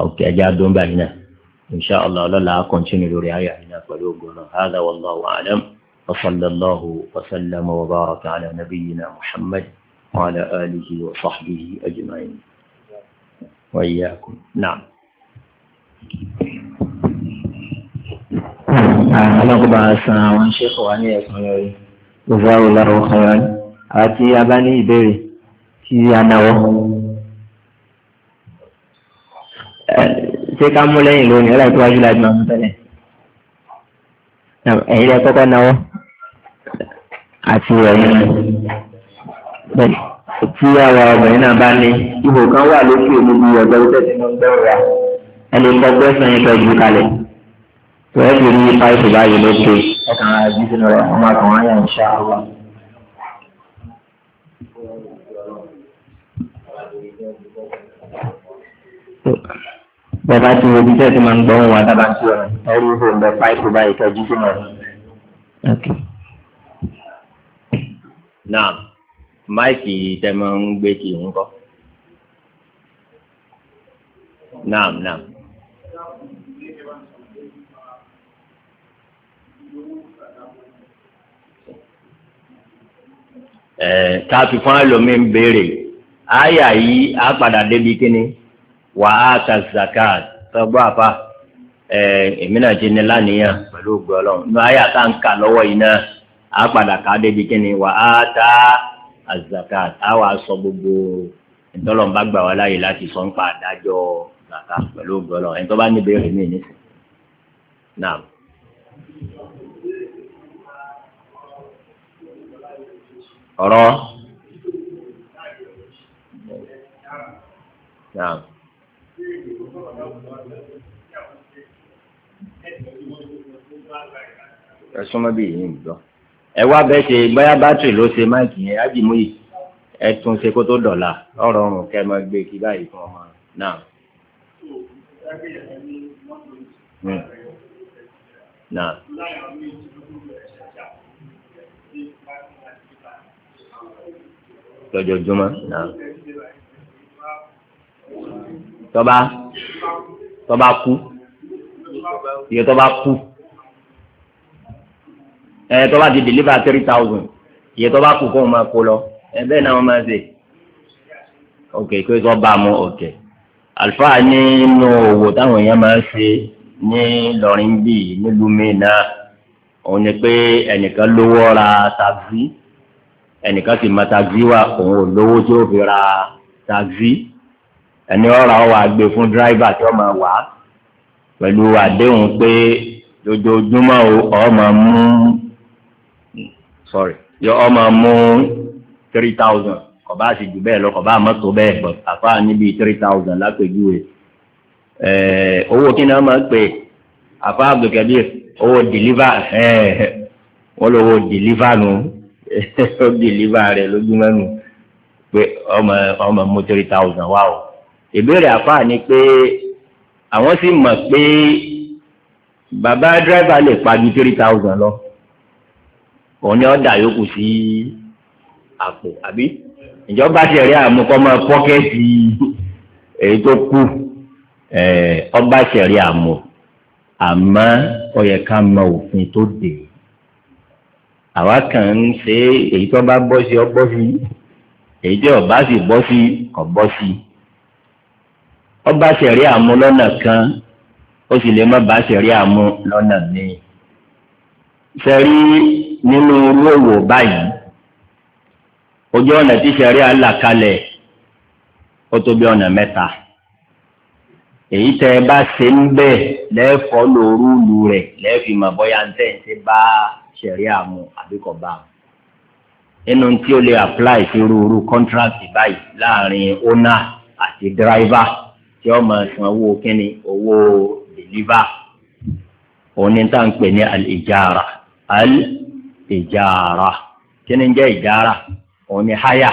A: òkè ẹjẹ adùn báyìí náà insha allah ọlọ́la á kọ́ntínú lórí ayé àyìn náà pẹ̀lú ogun náà hàdà wàlláhu alam وصلى الله وسلم وبارك على نبينا محمد وعلى آله وصحبه أجمعين وإياكم نعم ọlọ́kùnbà san àwọn iṣẹ́ kọ̀ wá ní ẹ̀sán lọ́rí òfò àwòlárò ọ̀rọ̀ àti abálé ìbéèrè tí a náwó. ṣé ká mú lẹ́yìn lónìí ọ̀là ìtọ́wájú láti máa mú tẹ́lẹ̀ ẹ̀yin lẹ kọ́kọ́ náwó àti ẹ̀yin tí àwọn ọmọbìnrin náà bá ní ibò kan wà lókè níbi ọ̀dọ́ tẹ̀sí ní ọgbẹ́ wa ẹni kọ́gbẹ́ sàn yín fẹ́ kalẹ̀ wọ́n ti rí páìpù báyìí lókè ọkàn àbí sínú rẹ̀ wọ́n máa kàn wọ́n yàn ṣá ọ̀la. bàbá tí wo bí tẹ́sí máa ń gbọ́ wọn wá dábàá sí ọ̀rọ̀ ẹ̀rí ìhò ń bẹ páìpù báyìí tọ́jú sínú rẹ̀. náà máìkì tẹ́ ń gbé kì í ń kọ́. náà náà. ẹ káàpì fún àlòmí ń béèrè àyà yìí á padà débi kíni wà á ta zakat tọgbọ àfa ẹ èmi náà ti ní lánìyàn pẹ̀lú gbọlọ nù àyà tá ń kà lọ́wọ́ yìí náà á padà ká débi kíni wà á ta zakat á wà sọ gbogbo ìtọ́lọ́mbà gbà wá láyè láti sọ ń pa àdájọ́ zakat pẹ̀lú gbọlọ ẹ̀ tó bá ní béèrè mí nísìnyí ọ̀rọ̀ náà. ẹ súnmọ́ bí yìí ń gbọ́ ẹ wá bẹ́ẹ̀ ṣe bóyá bátìrì ló ṣe máìkì yẹn ájìmúyì ẹ tún ṣe kó tó dọ̀la ọ̀rọ̀ ọ̀run kẹ́ ẹ máa gbé kí báyìí fún ọmọ náà. Hmm. náà. lọ́jọ́júmọ́ náà tọ́ba tọ́ba kú iye tọ́ba kú ẹ tọ́ba ti deliver three thousand iye tọ́ba kú kó o máa kó lọ ẹ bẹ́ẹ̀ náà wọ́n máa ṣe ok kó o sọ bá a mọ ok alfa nínú òwò táwọn èèyàn máa ń ṣe ní lọrin bíi nílùú mi náà òun ni pé ẹnìkan lówó ra tàbí ẹnìkan sì mọ taxi wa òun ò lówó tí ó fi ra taxi ẹni ọ̀rọ̀ àwọn wa gbé fún dírìvà tí wọ́n máa wà pẹ̀lú àdéhùn pé lójoojúmọ́ ọ máa mú sorry yọ ọ máa mú three thousand kọba àti jù bẹ́ẹ̀ lọ kọba àmọ́tò bẹ́ẹ̀ bọ̀ àfa níbi three thousand lápèjúwe ẹ̀ẹ́ owó kí ni wọ́n máa ń pè àfa Abdulkadir owó deliver ẹ̀ẹ́ wọ́n lọ́wọ́ deliver nù. No ó dìlíbà rẹ̀ lójúmọ́ nù pé ọmọ ọmọ mú three thousand wá o ìbéèrè àfáà ni pé àwọn sì mọ̀ pé bàbá dírẹ́fà lè pa ju three thousand lọ òun ni ọ̀dà yòókù sí àpò àbí ìjọba ti rí àmukọ́mọ pọ́kẹ́tì èyí tó kù ọba ṣẹ̀rí àmọ́ àmọ́ ó yẹ ká mọ òfin tó dè àwa kàn ń ṣe èyí tó bá bọ́ sí ọ bọ́ sí èyí tí ọba sì bọ́ sí kò bọ́ sí ọba ṣẹ̀rí àmú lọ́nà kan ó sì lè má ba ṣẹ̀rí àmú lọ́nà míì ṣẹ̀rí nínú olówó báyìí ojú ọ̀nà tí ṣẹ̀rí alákalẹ̀ ó tó ọ̀nà mẹ́ta èyí tẹ́ ẹ bá ṣe ń bẹ̀ lẹ́ẹ̀fọ́ lòrúurú rẹ̀ lẹ́ẹ̀fì mọ̀ bóyá ń tẹ̀ ń ṣe bá a ṣẹ̀ríà mu àbíkọ̀ bá mu nínú tí ó lè apply sí rúurú contract báyìí láàrin owner àti driver tí ó máa san owó kíni owó deliver òun ni tá à ń pè ní al-ijara al-ijara kíni jẹ́ ìjára òun haya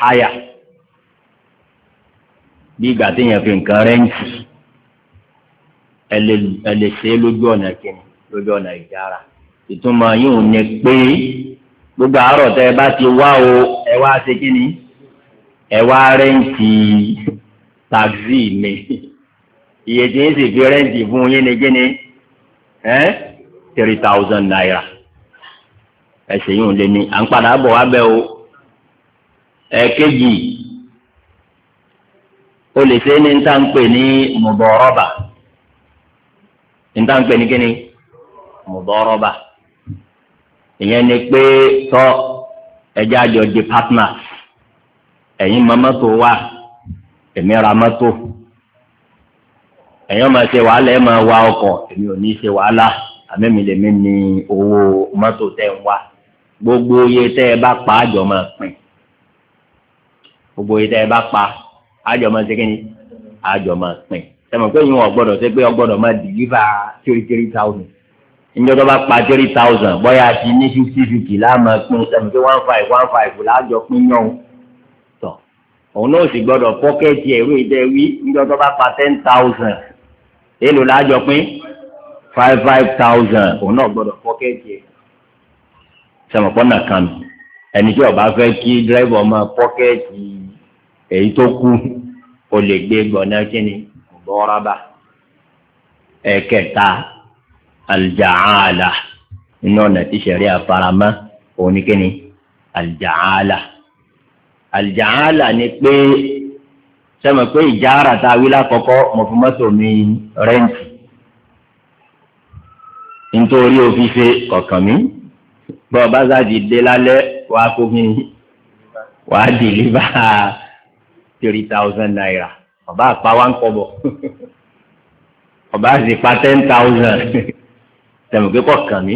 A: haya bí ìgbà téèyàn fi nǹkan rẹ́ǹtì ẹ lè ṣe é lójú ọ̀nà kíni lójú ọ̀nà ìjára ìtumọ̀ yóò ní pé gbogbo àárọ̀ tẹ ẹ bá ti wá o ẹ wá ṣe kí ni ẹ wá rẹ́ǹtì tàxi mi iye tí ń sì fi rẹ́ǹtì fún yín ni kí ni three thousand naira ẹsẹ̀ yóò lé ní à ń padà bọ̀ wá bẹ́ẹ̀ o ẹ̀ẹ́kejì o lè ṣe ní níta ń pè ní mọ̀bọ̀rọ̀bà níta ń pè ní kí ni mọ̀bọ̀rọ̀bà ìyẹn ni pé tọ́ ẹja jọ di partners ẹ̀yin mọ mọ́tò wa èmi ra mọ́tò ẹ̀yin ọmọ ṣe wàhálà ẹ̀ máa wa ọkọ̀ èmi ò ní ṣe wàhálà àmẹ́mi lèmi ni owó mọ́tò tẹ̀ ń wá gbogbo iye tẹ́ ẹ bá pa àjọ máa pín gbogbo iye tẹ́ ẹ bá pa àjọ máa ṣe kí ni àjọ máa pín sẹ́mi pé yín wọ́n ṣe pé ọ máa dìlíva three three thousand níjọba bá pa three thousand bóyá ti ní fifty fifty láàmà pín seventy one five one five láàjọ pín yàn tọ òun náà sì gbọ́dọ̀ pọkẹtì ẹrú ìdẹwí níjọba bá pa ten thousand èlò láàjọ pín five five thousand òun náà gbọ́dọ̀ pọkẹtì ẹ sẹmọpọnà kan mi ẹni tí ọba fẹ́ kí dírẹ́fọ̀ máa pọkẹtì èyí tó kú o lè gbé gbọ̀nà kíni gbọ́ rábà ẹ̀kẹta. E aljaala nínú ọ̀nà tí sẹ̀rí àfaramọ́ òun ni kíni aljaala aljaala ni pé sẹ́mi pé ìjára tá a wí lákọ̀ọ́kọ́ mo fi mọ́tò mi rẹ́ǹtì nítorí òfìfé kọ̀ọ̀kan mi bọ́ ọba sáàdì dé lálẹ́ wàá kó mi wàá dìlíbà three thousand naira ọba àpá wa ń kọ́ bọ̀ ọba àti pa ten thousand. tẹ̀mọ̀ pé kọ́ kàn mí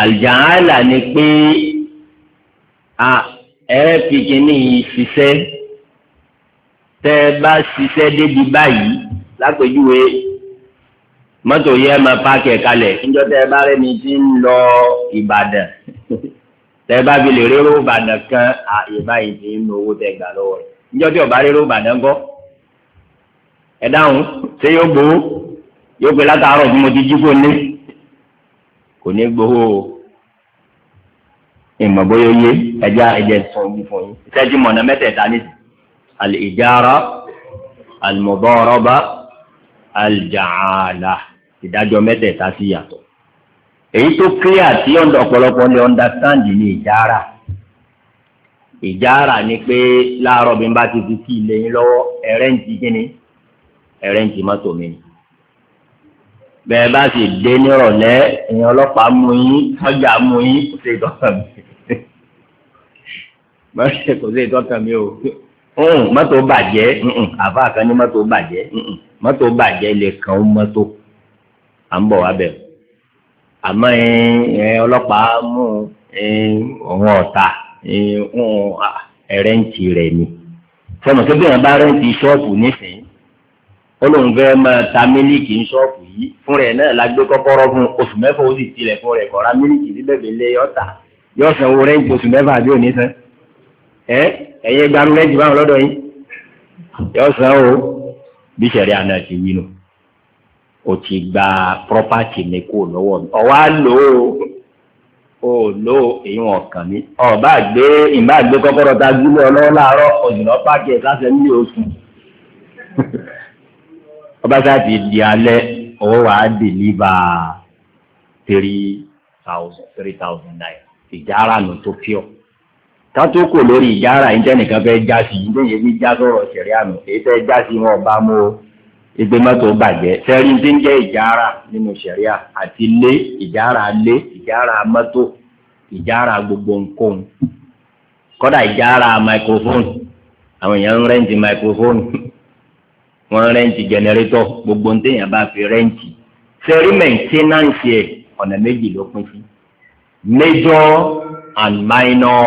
A: àlìjáàlà ni pé ẹ fi kíní ṣiṣẹ́ tẹ́ ẹ bá ṣiṣẹ́ débi báyìí lápèjúwe mọ́tò yẹ máa páàkì ẹ̀ kalẹ̀ níjọ́ tẹ́ ẹ bá rẹ́ni tí ń lọ Ìbàdàn tẹ́ ẹ bá fi lè rérò Ìbàdàn kan àìbáyìí ti ń lo owó tẹ́ gbà lọ́wọ́ rẹ̀ níjọ́ tí ọ̀bá rérò Ìbàdàn gbọ́ ẹ dáhùn ṣé yóò gbowó yóò pé látàárọ̀ tí mo ti jí kó lé kò ní gbowó ìmọ̀ bóyá yé ẹja ẹjẹ sọ yìí fún yín ìṣẹ́jú mọ̀nà mẹ́tẹ̀ẹ̀ta ní al-ijara al-mudaraba al-ja'ala ìdájọ́ mẹ́tẹ̀ẹ̀ta sí yàtọ̀ èyí tó clear tí ọ̀pọ̀lọpọ̀ lè understand ní ìjára ìjára ni pé láàárọ̀ bí n bá ti fi kí ilé yín lọ́wọ́ ẹ̀rẹ́ǹtì kí ni ẹ̀rẹ́ǹtì mọ́tò mi ni bẹ́ẹ̀ bá sì dé nírọ̀lẹ́ ẹ̀yin ọlọ́pàá mú yín sọ́jà mú yín kò sí ìtọ́kàn mi kò sí ìtọ́kàn mi o mọ́tò bàjẹ́ àfa kan ní mọ́tò bàjẹ́ mọ́tò bàjẹ́ lè kàn ó mọ́tò à ń bọ̀ wá bẹ̀ àmọ́ ọlọ́pàá mú òun ọ̀tà ẹ̀rẹ́ǹtì rẹ̀ ni fọmọ tó bí wọn bá rẹ́ǹtì ṣọ́ọ̀bù nísìnyí olóhùn fẹ́ máa ta mílíkì ní ṣọ́ọ̀pù yìí fún rẹ̀ náà la gbé kọ́kọ́rọ́ fún oṣù mẹ́fà ó sì tilẹ̀ fún rẹ̀ kọ́ra mílíkì níbẹ̀bẹ̀ lé ọ̀tà yóò san owó rẹ́ǹtì oṣù mẹ́fà àbí òní san ẹ ẹ̀yin gbaru rẹ́ǹtì báwọn lọ́dọ̀ yín yóò san o bí sẹ̀rí àná ti wí nù o ti gba property mi kó lọ́wọ́ mi ọ̀wá lò ó o lò ó èyí wọn kàn mí ọ̀bá gbé ìbá gbé kọ́kọ́rọ́ ta gbúlọ̀ ọba sáàtì di alẹ́ owó wa á dèlíbà three thousand three thousand naira ìjára nù tó pure kátó kò lórí ìjára ìjẹ́nìkan fẹ́ já sí ìdíyẹ ní já sọ̀rọ̀ ṣẹ̀rí àná èyí fẹ́ já sí wọn ọba mú o ìgbé mọ́tò bàjẹ́ sẹ́rí ti ń jẹ́ ìjára nínú ṣẹ̀ríà àti lé ìjára lé ìjára mọ́tò ìjára gbogbo nǹkan kọ́dà ìjára microphone àwọn èèyàn ń rẹ́ǹtì microphone wọ́n rẹ́ǹtì jẹnẹrétọ̀ gbogbo ní téèyàn bá fi rẹ́ǹtì sẹ́rí mẹ́ńtínáǹsì ẹ̀ ọ̀nà méjì ló pín sí major and minor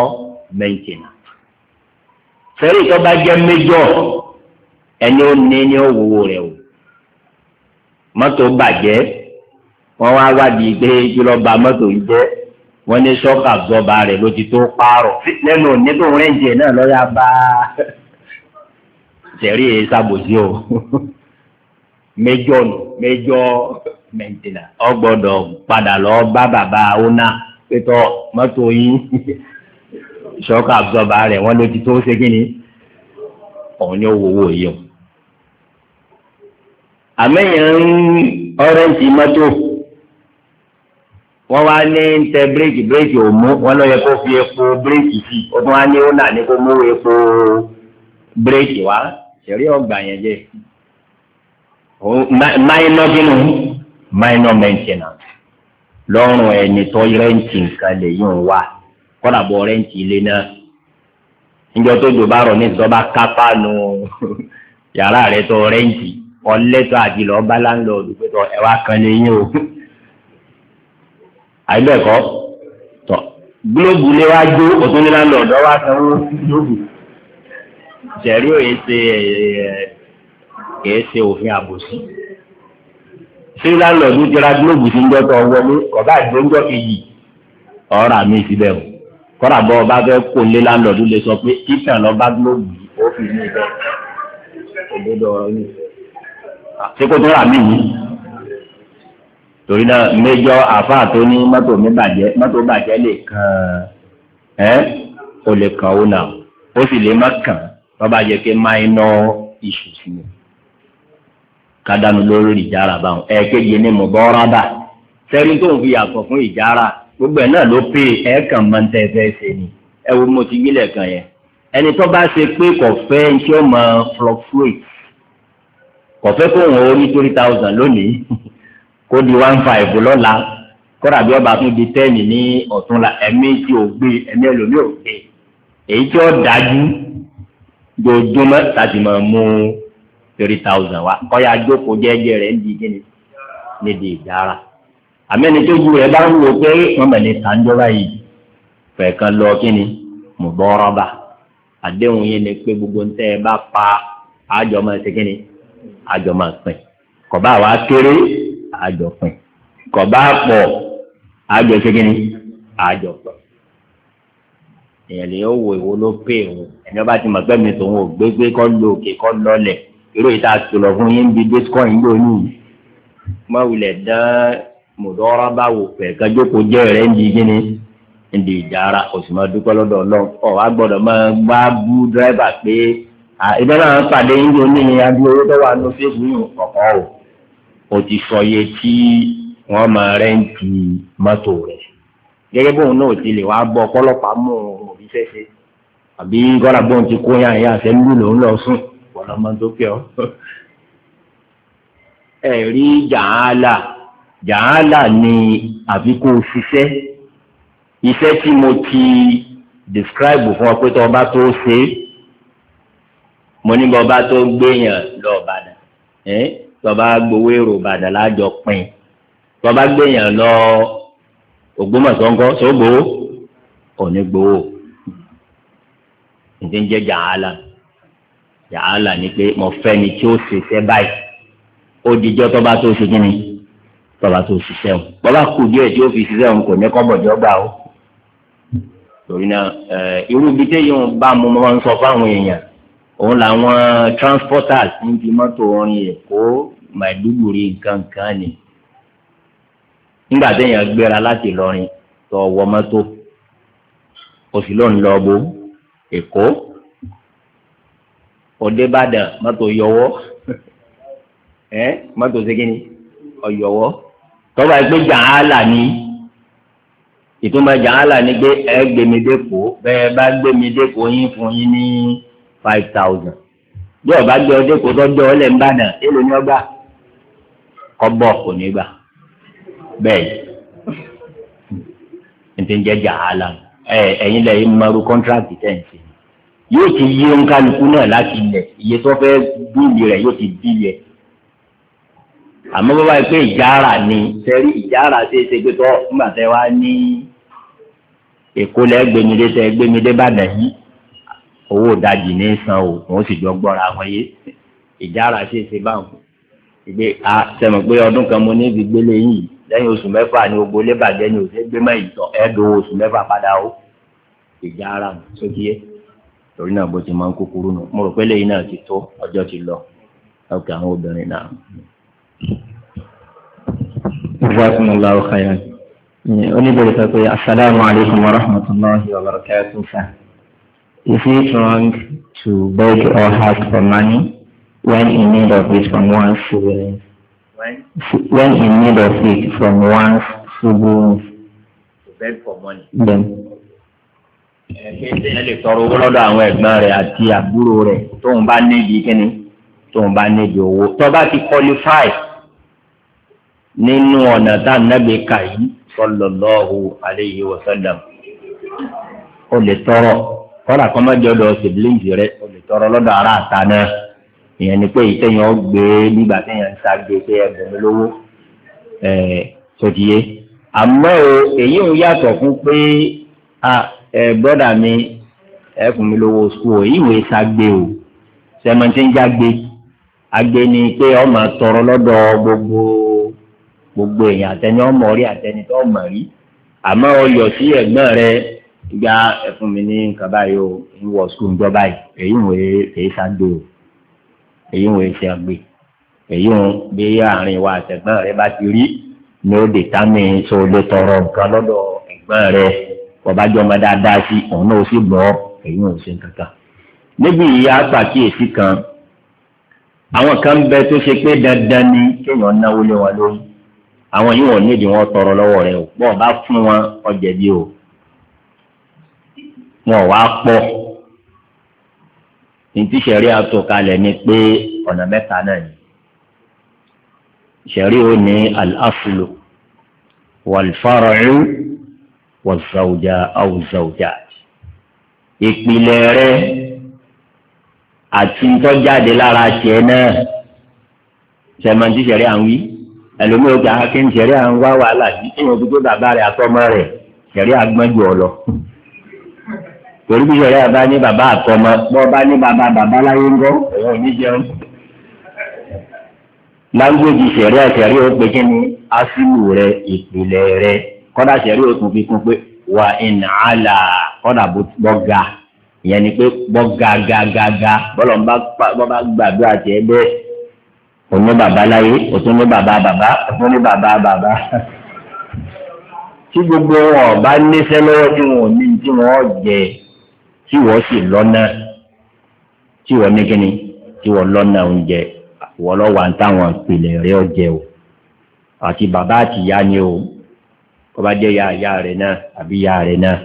A: maintenance sẹ́rí tó bá jẹ́ major ẹni ó ní ní òwòwò rẹ̀ o mọ́tò bàjẹ́ wọ́n wá wádìí pé kí ló ba mọ́tò yìí jẹ́ wọ́n ní sọ́ọ̀kà zọba rẹ̀ ló ti tó pààrọ̀ lẹ́nu òní tó rẹ́ǹtì ẹ̀ náà lọ́ọ́ yá bá a. sẹ̀rí ìsàbòsí o méjọ nù méjọ mẹ̀ntìnà ọgbọ́dọ̀ padà lọ bá bàbá ọ̀nà pétọ́ mọ́tò yín ṣọ́ọ̀kì àbúzọ̀bà rẹ̀ wọ́n ló ti tó ṣe ni òun ni ó wo owó yìí o. àmẹ́yìn ń ọ́rẹ́ǹtì mọ́tò wọ́n wá ní tẹ bírèkì bírèkì ò mú wọ́n lọ yẹ kó fi epo bírèkì sí i ó tún wá ní ó nà ní mú epo bírèkì wá ṣẹ̀rí ọgbà yẹn jẹ́ minor gínú minor maintenance lọ́rùn ẹni tó rẹ́ǹtì nǹkan lè yún wa kọ́dà bọ́ rẹ́ǹtì ilé náà níjọ tó jò bá rọ̀ ní ìsọba kápá nu yàrá rẹ tó rẹ́ǹtì ọlẹ́tọ̀ àti lọ́ọ́ bá láńlọ́ọ̀dù pé tọ ẹ̀wá kan lè yín o àìbẹ̀kọ́ tọ gílóòbù lé wá jó òtún ní láńlọ́ọ̀dù ọwá sanwó gílóòbù sẹ̀rí òye ṣe kìí ṣe òfin àbòsí ṣé láńlọ́ọ̀dù ti ra gílóòbù tí ń jọ́ tó wọlé ọ̀gá ìgbóńjọ́ kejì ọ̀rọ̀ àmì ìfibẹ̀ o kọ́ra bọ́ ọba fẹ́ kó lé láńlọ́ọ̀dù lè sọ pé ìtàn lọ bá gílóòbù ó fi ní ibẹ̀ òdodo ọ̀rọ̀ yìí ṣé kó tó rà mí yìí torí náà méjọ àfa tó ní mọ́tò mi bàjẹ́ mọ́tò bàjẹ́ lè kàn án ẹ́ o lè kàn ó nà ó sì lè má kàn án tọ́ba jẹ́ pé minor issues ni kádàánù lórí ìjára báwọn ẹ̀ẹ́kejì ni mọ̀bọ́rábà sẹ́ni tó ń fi yàtọ̀ fún ìjára gbogbo ẹ̀ náà ló pè é ẹ̀ẹ́kàn máa ń tẹ́ fẹ́ ṣe ni ẹ wo mo ti gbílẹ̀ kan yẹn ẹni tó bá ṣe pé kò fẹ́ kí ó fluctuate kò fẹ́ kó wọn orí three thousand lónìí kó di one five lọ́la kódà bí ọba tún di ten ní ọ̀túnla ẹ̀mí tí ò gbé ẹ̀mí ẹlòmíì ò gbé èyí tí ó dájú dojúmọ́ láti máa mú three thousand wa kọ́ya jókòó jẹ́jẹ́ rẹ̀ ń di kíni níbi ìdára àmẹ́ni tó ju rẹ̀ bá ń wò pé wọ́n mọ̀ ní yìí fẹ̀ẹ̀kan lọ kíni mùbọ́rọ́bà àdéhùn yìí ni pé gbogbo ń tẹ́ ẹ bá pa àjọ máa ṣe kíni wa kéré àjọ kọ̀bá pọ̀ àjọ ṣe kíni èèyàn lè wo ìwo ló pè òun ẹni ọba ti mọ̀ pé mi tòun ò gbégbé kọ́ lo òkè kọ́ lọlẹ̀ irú ìta àtòlọ̀ fún yín bí bitcoin lónìí mọ̀ wulẹ̀ dán mọ̀dọ́rọ́ bá wò pẹ̀ kájókòó jẹ́ rẹ̀ ń di gíní ń di ìjára kò sì máa dúpẹ́ lọ́dọ̀ ọlọ́run ọ̀ wá gbọ́dọ̀ máa gbá bú dírẹ́bà pé ìbẹ́ náà pàdé yín lónìí adé owó tó wà ní fíìsì yìí kọ̀ọ̀kan o ò ti sọ iye tí wọ́n máa rẹ́ǹtì mọ́tò rẹ̀ gẹ́gẹ́ bóun náà ti lè wá bọ́ ọ̀pọ̀lọpàá mú un ṣiṣẹ́ ṣe àbí kọ́ra gbọ́n ti kó yàn yàn àṣẹ lù lòún lọ sùn wọn lọ́mọ tó kẹ́ ọ. ẹ̀rí jàálà jàálà ni àfi kó o ṣiṣẹ́ iṣẹ́ tí mo ti describe fún ọ pé tó o bá tó ṣe é mo ní bọ́ bá tó gbéyàn lọ Ìbàdàn ẹ́ tó bá gbowó èrò Ìbàdàn lájọ pin tó bá gbéyàn lọ Ògbómọ̀ṣọ́ sógbó ò ní gbowó ǹjẹ́ ń jẹ́ jàhálà jàhálà ni pé mo fẹ́ ni tí ó ṣe ṣẹ́ báyìí ó dijọ́ tó bá tó ṣe kí ni tó bá tó ṣiṣẹ́ o bọ́lá kù díẹ̀ tí ó fi ṣiṣẹ́ òun kò ní kọ́bọ̀dé ọgbà o torí náà eh, irú ibi téèyàn bá mu mo máa ń sọ fáwọn èèyàn òun làwọn transporters ń fi mọ́tò orin èkó màdúgbòrì nǹkan kan ni nígbà téèyàn gbéra láti lọrin tó wọ mọ́tò òsì ló ń bó Èkó òdebàdàn mọ́tò yọwọ́ ẹ mọ́tò segin ọ̀yọ̀wọ́ tọ́ba ẹgbẹ́ jàǹhálà ni ìtumọ̀ jàǹhálà ni pé ẹ gbẹmí dẹ́kọ̀ bẹ́ẹ̀ bá gbẹmí dẹ́kọ̀ yín fún yín ní five thousand bí ọba gbé ọdẹ kó tọ́jú ọlẹ́ ń bàdàn èlò ni ọgbà kọ́bọ̀ kò ní gbà bẹ́ẹ̀ ní ti ń jẹ́ jàǹhálà ẹ̀yin lẹ́yìn mọ́rú kọ́ńtrákì tẹ̀ ń yóò ti yé nkálukú náà láti ilẹ̀ iye tó fẹ́ bíìlì rẹ̀ yóò ti bíìlì ẹ̀ àmọ́ bá báyìí pé ìjára ni sẹ́rí ìjára ṣe é ṣe pé tọ́ nígbà tẹ́ wá ní èkó lẹ́ gbẹmídé tẹ́ gbẹmídé bàdàn yìí owó ìdajì ní san o wọ́n sì jọ gbọ́ra wọn yé ìjára ṣe é ṣe báwọn ìgbé a sẹ́mi pé ọdún kan mo ní ibi gbélé yìí lẹ́yìn oṣù mẹ́fà ni ogbó lébàjẹ́ ni òṣèlú gbé mọ́ ìtọ́ ẹ̀ẹ́dọ̀ oṣù mẹ́fà padà ó ìjára sókè yẹn torí náà bó ti máa ń kúkúrú nù mo rò pé lẹ́yìn náà ti tó ọjọ́ ti lọ ọkẹ àwọn obìnrin náà. jazakumullah khairan oníbèrè sọ pé asalaamu alaykum wa rahmatulahi wa barakatuh sir is it wrong to beg or ask for money when in need of it from one sibling? when in need of it from one sibling. to beg for money. Then, ẹ̀ẹ́dẹ́ èèyàn lè tọrọ owó lọ́dọ̀ àwọn àti àbúrò tóun bá níbi kíni tóun bá níbi owó tó bá ti qualify nínú ọ̀nà tá a yìí tọrọ kọ́lá kọ́ lè tọrọ lọ́dọ̀ ara àta náà ìyẹn ni pé ìtẹ̀yìn ọgbẹ́ nígbà ń pé ẹgbẹ̀rún lówó ẹ̀ àmọ́ ẹ brọdà mi ẹ fún mi lówó sùkúù èyí ìwé sagbe o sẹmọtì ń jágbe agbe ni pé ọmọ tọrọ lọ́dọ̀ gbogbo gbogbo èèyàn àtẹni ọmọ rí àtẹni tó ọmọ rí àmọ́ ọ yọ sí ẹ̀gbọ́n rẹ gba ẹ fún mi ní nǹkan báyìí o ń wọ sùkúù ń jọ báyìí èyí ìwé èyí sagbe o èyí ìwé ṣe àgbè èyí ń bí àárín wa àtẹ̀gbọ́n rẹ bá ti rí ni ó dè tá mi sọ lè tọrọ nǹkan lọ́dọ̀ ẹ̀gbọ́n rẹ bọ́ba jọ ọmọ dáadáa sí òun náà ó sì gbọ́ èyí wọn ò ṣe kankan. níbi ìyá pàkíyèsí kan àwọn kan bẹ tó ṣe pé dandan ni kéèyàn náwó lé wọn lórí àwọn yìí wọn nídìí wọn tọrọ lọ́wọ́ rẹ o bọ́ọ̀ bá fún wọn ọjà bí o wọn wá pọ̀ ntí sẹ̀rí àtọkalẹ̀ ni pé ọ̀nà mẹ́ta náà ni sẹ̀rí ò ní al-aslu wal wàzàwùjà àwùzàwùjà ìpìlẹ̀ rẹ àti ntọ́jáde lára tiẹ̀ náà sẹ̀mọ̀ntì sẹ̀rí à ń wí ẹlòmíràn ah, kí akéwì sẹ̀rí à ń wá wàhálà yìí tí wọ́n fi tó bàbá rẹ̀ àtọ́mọ́ rẹ̀ sẹ̀rí àgbọ́njù ọ̀lọ́ torí bí sẹ̀rí àbá ní bàbá àtọ́mọ́ bọ́ bá ní bàbá bàbá láyé ńgọ́ ẹ̀rọ òní jẹun láńgbèjì sẹ̀rí àtẹ̀rí ó pe kí ni asílù rẹ ìpìlẹ̀ rẹ kọ́dà ṣẹ̀rí òtún fi kún pé wà ìnàlà kọ́dà bọ́gà ìyẹn ni pé bọ́gà gàgàgà bọ́lọ̀ bá gbàdúrà tiẹ̀ bẹ́ẹ̀ òní bàbá láyé òtún ní bàbá bàbá òtún ní bàbá bàbá tí gbogbo wọn bá níṣẹ́ lọ́wọ́ tí wọn ò ní tí wọ́n jẹ tí wọ́n sì lọ́nà tí wọ́n ní kíni tí wọ́n lọ́nà oúnjẹ wọ́n lọ́wọ́ àtàwọn ìpìlẹ̀ rẹ̀ ọ̀jẹ̀ o àti bàbá àtìyá ni o bọ́bá jẹ́ ya ìyá rẹ̀ náà àbí ìyá rẹ̀ náà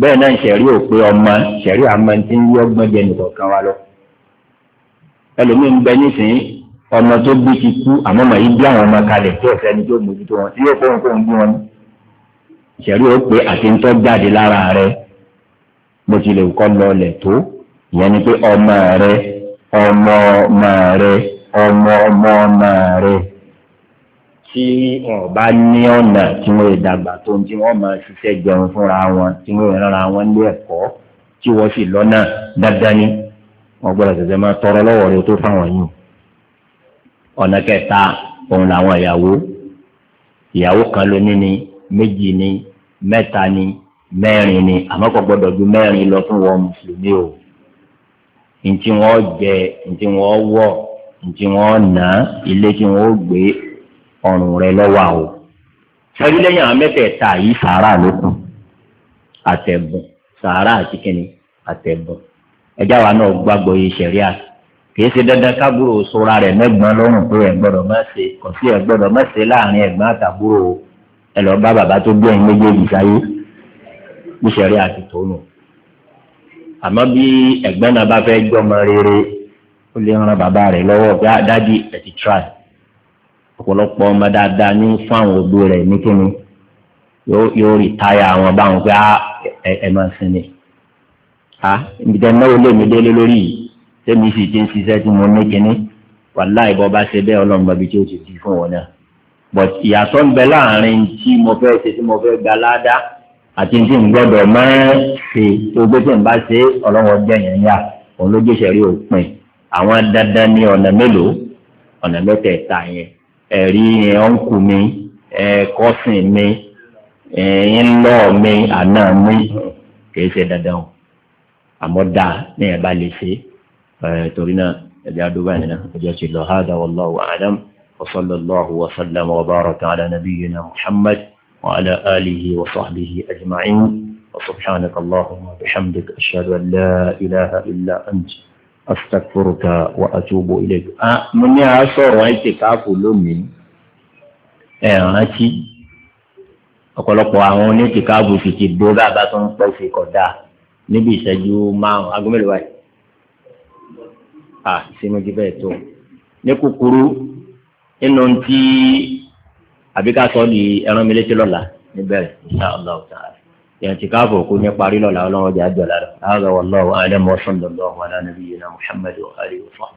A: bẹ́ẹ̀ náà ṣẹ̀rí ò pé ọmọ ṣẹ̀rí àmọ́ ti ń yí ọgbọ́n jẹ nìkan kan wa lọ ẹlòmíín bẹ nísìnyí ọmọ tó bí ti kú àmọ́ màá yí bí àwọn ọmọ kalẹ̀ tí ọ̀sẹ̀ ni tó mójútó wọn tí yóò fóun fóun bí wọn ní. ìṣẹ̀rí àti ń tọ́ jáde lára rẹ mo ti lè kọ́ lọlẹ̀ tó ìyẹn ni pé ọmọ rẹ ọmọ ọmọ rẹ ọmọ ọmọ ọmọ rẹ tí wọn bá ní ọ̀nà tí wọn lè dàgbà tó ń tí wọn máa ṣiṣẹ́ jẹun fúnra wọn tí wọn lè rárá wọn ní ẹ̀kọ́ tí wọ́n sì lọ́nà dandan ni wọn gbọ́dọ̀ tẹ̀sẹ̀ máa tọrọ lọ́wọ́ rẹ tó fáwọn yìí ọ̀nà kẹta òun làwọn ìyàwó ìyàwó kan ló ní ni méjì ni mẹ́ta ni mẹ́rin ni àmọ́ kò gbọ́dọ̀ ju mẹ́rin lọ fún wọn mùsùlùmí o ntí wọn jẹ ntí wọn wọ ntí wọn nà ilé tí wọn gbé ọrùn rẹ lọ́wọ́ àwọ̀ sẹ́rí lẹ́yìn àwọn mẹ́tẹ̀ẹ̀ta yìí sàárà ló kù àtẹ̀bùn sàárà àti kínní àtẹ̀bùn ẹjá wa náà gbàgbọ́ yìí sẹ̀ríà kìí ṣe dandan kábúrò sora rẹ̀ mẹ́gbọ́n lọ́rùn pé ẹ̀ gbọ́dọ̀ má ṣe kò sí ẹ̀ gbọ́dọ̀ má ṣe láàrin ẹ̀gbọ́n àtàbúrò ẹ lọ bá bàbá tó gbé ẹ̀yin méjèèjì sáyé bí sẹ̀ríà ti tó nù àmọ́ bí ẹ̀gbọ́n náà bá fẹ́ jọmọ rere ó lè ran bàbá rẹ̀ lọ́wọ́ pé ah, dájú ẹ̀ ti try ọ̀pọ̀lọpọ̀ ọmọ dáadáa ní fún àwọn òbí rẹ̀ ní kíni yóò rí táyà àwọn báwọn pé ah, ẹ máa sinmi a ìdílé náà lè mí délé lórí yìí tẹ́mi sì ti ń ṣiṣẹ́ tí mo ní kíní wàláì bọ́ bá ṣe bẹ́ẹ̀ ọlọ́run gbàgbé tí ó ti di fún wọn náà but ìyàtọ̀ ń bẹ láàrin tí mo fẹ́ ṣe tí mo fẹ́ gba ládàá àti tí n gbọ́dọ̀ máa ṣe tó gbé tí n bá ṣe ọlọ́run gbẹ̀yìn yá òun ló gbéṣẹ́ rí òpin àwọn dandan ní ọ̀nà mélòó ọ̀nà mẹ́tẹ̀ẹ̀ta yẹn ẹ̀rí ọ̀nkù mi kọ́sìn mi ńlọ mi àná mi kìí ṣe dandan o àmọ́ dáa ní ẹ̀ bá lè ṣe ẹ̀ torí náà ẹ̀dí àdúgbò ẹ̀ nínú ẹ̀jẹ̀ ti lọ hádà wallahu a'lam wa sallallahu wa sallam wa baraka ala nabiyyina muhammad wa ala alihi wa sahbihi ajma'in wa subhanaka allahumma bihamdika ashhadu an la ilaha illa anta. astaghfiruka wa atubu ilayk. a mo ní a sọ̀rọ̀ ẹ̀tì káàpù lónìí ẹ̀ rántí ọ̀pọ̀lọpọ̀ àwọn oníkì káàpù sì ti dó bàbá tó ń pọ̀ sí kódà níbi ìṣẹ́jú márùn-ún agomẹ́lẹ̀ a ìsinmi ti bẹ́ẹ̀ tó ní kúkúrú nínú ti àbíká sọ́ọ́ di ẹran mi létí lọ́la níbẹ̀rẹ̀ insha Allah اعتكافه كون يقاري له لا الله جل جلاله هذا والله اعلم وصلى الله على نبينا محمد واله وصحبه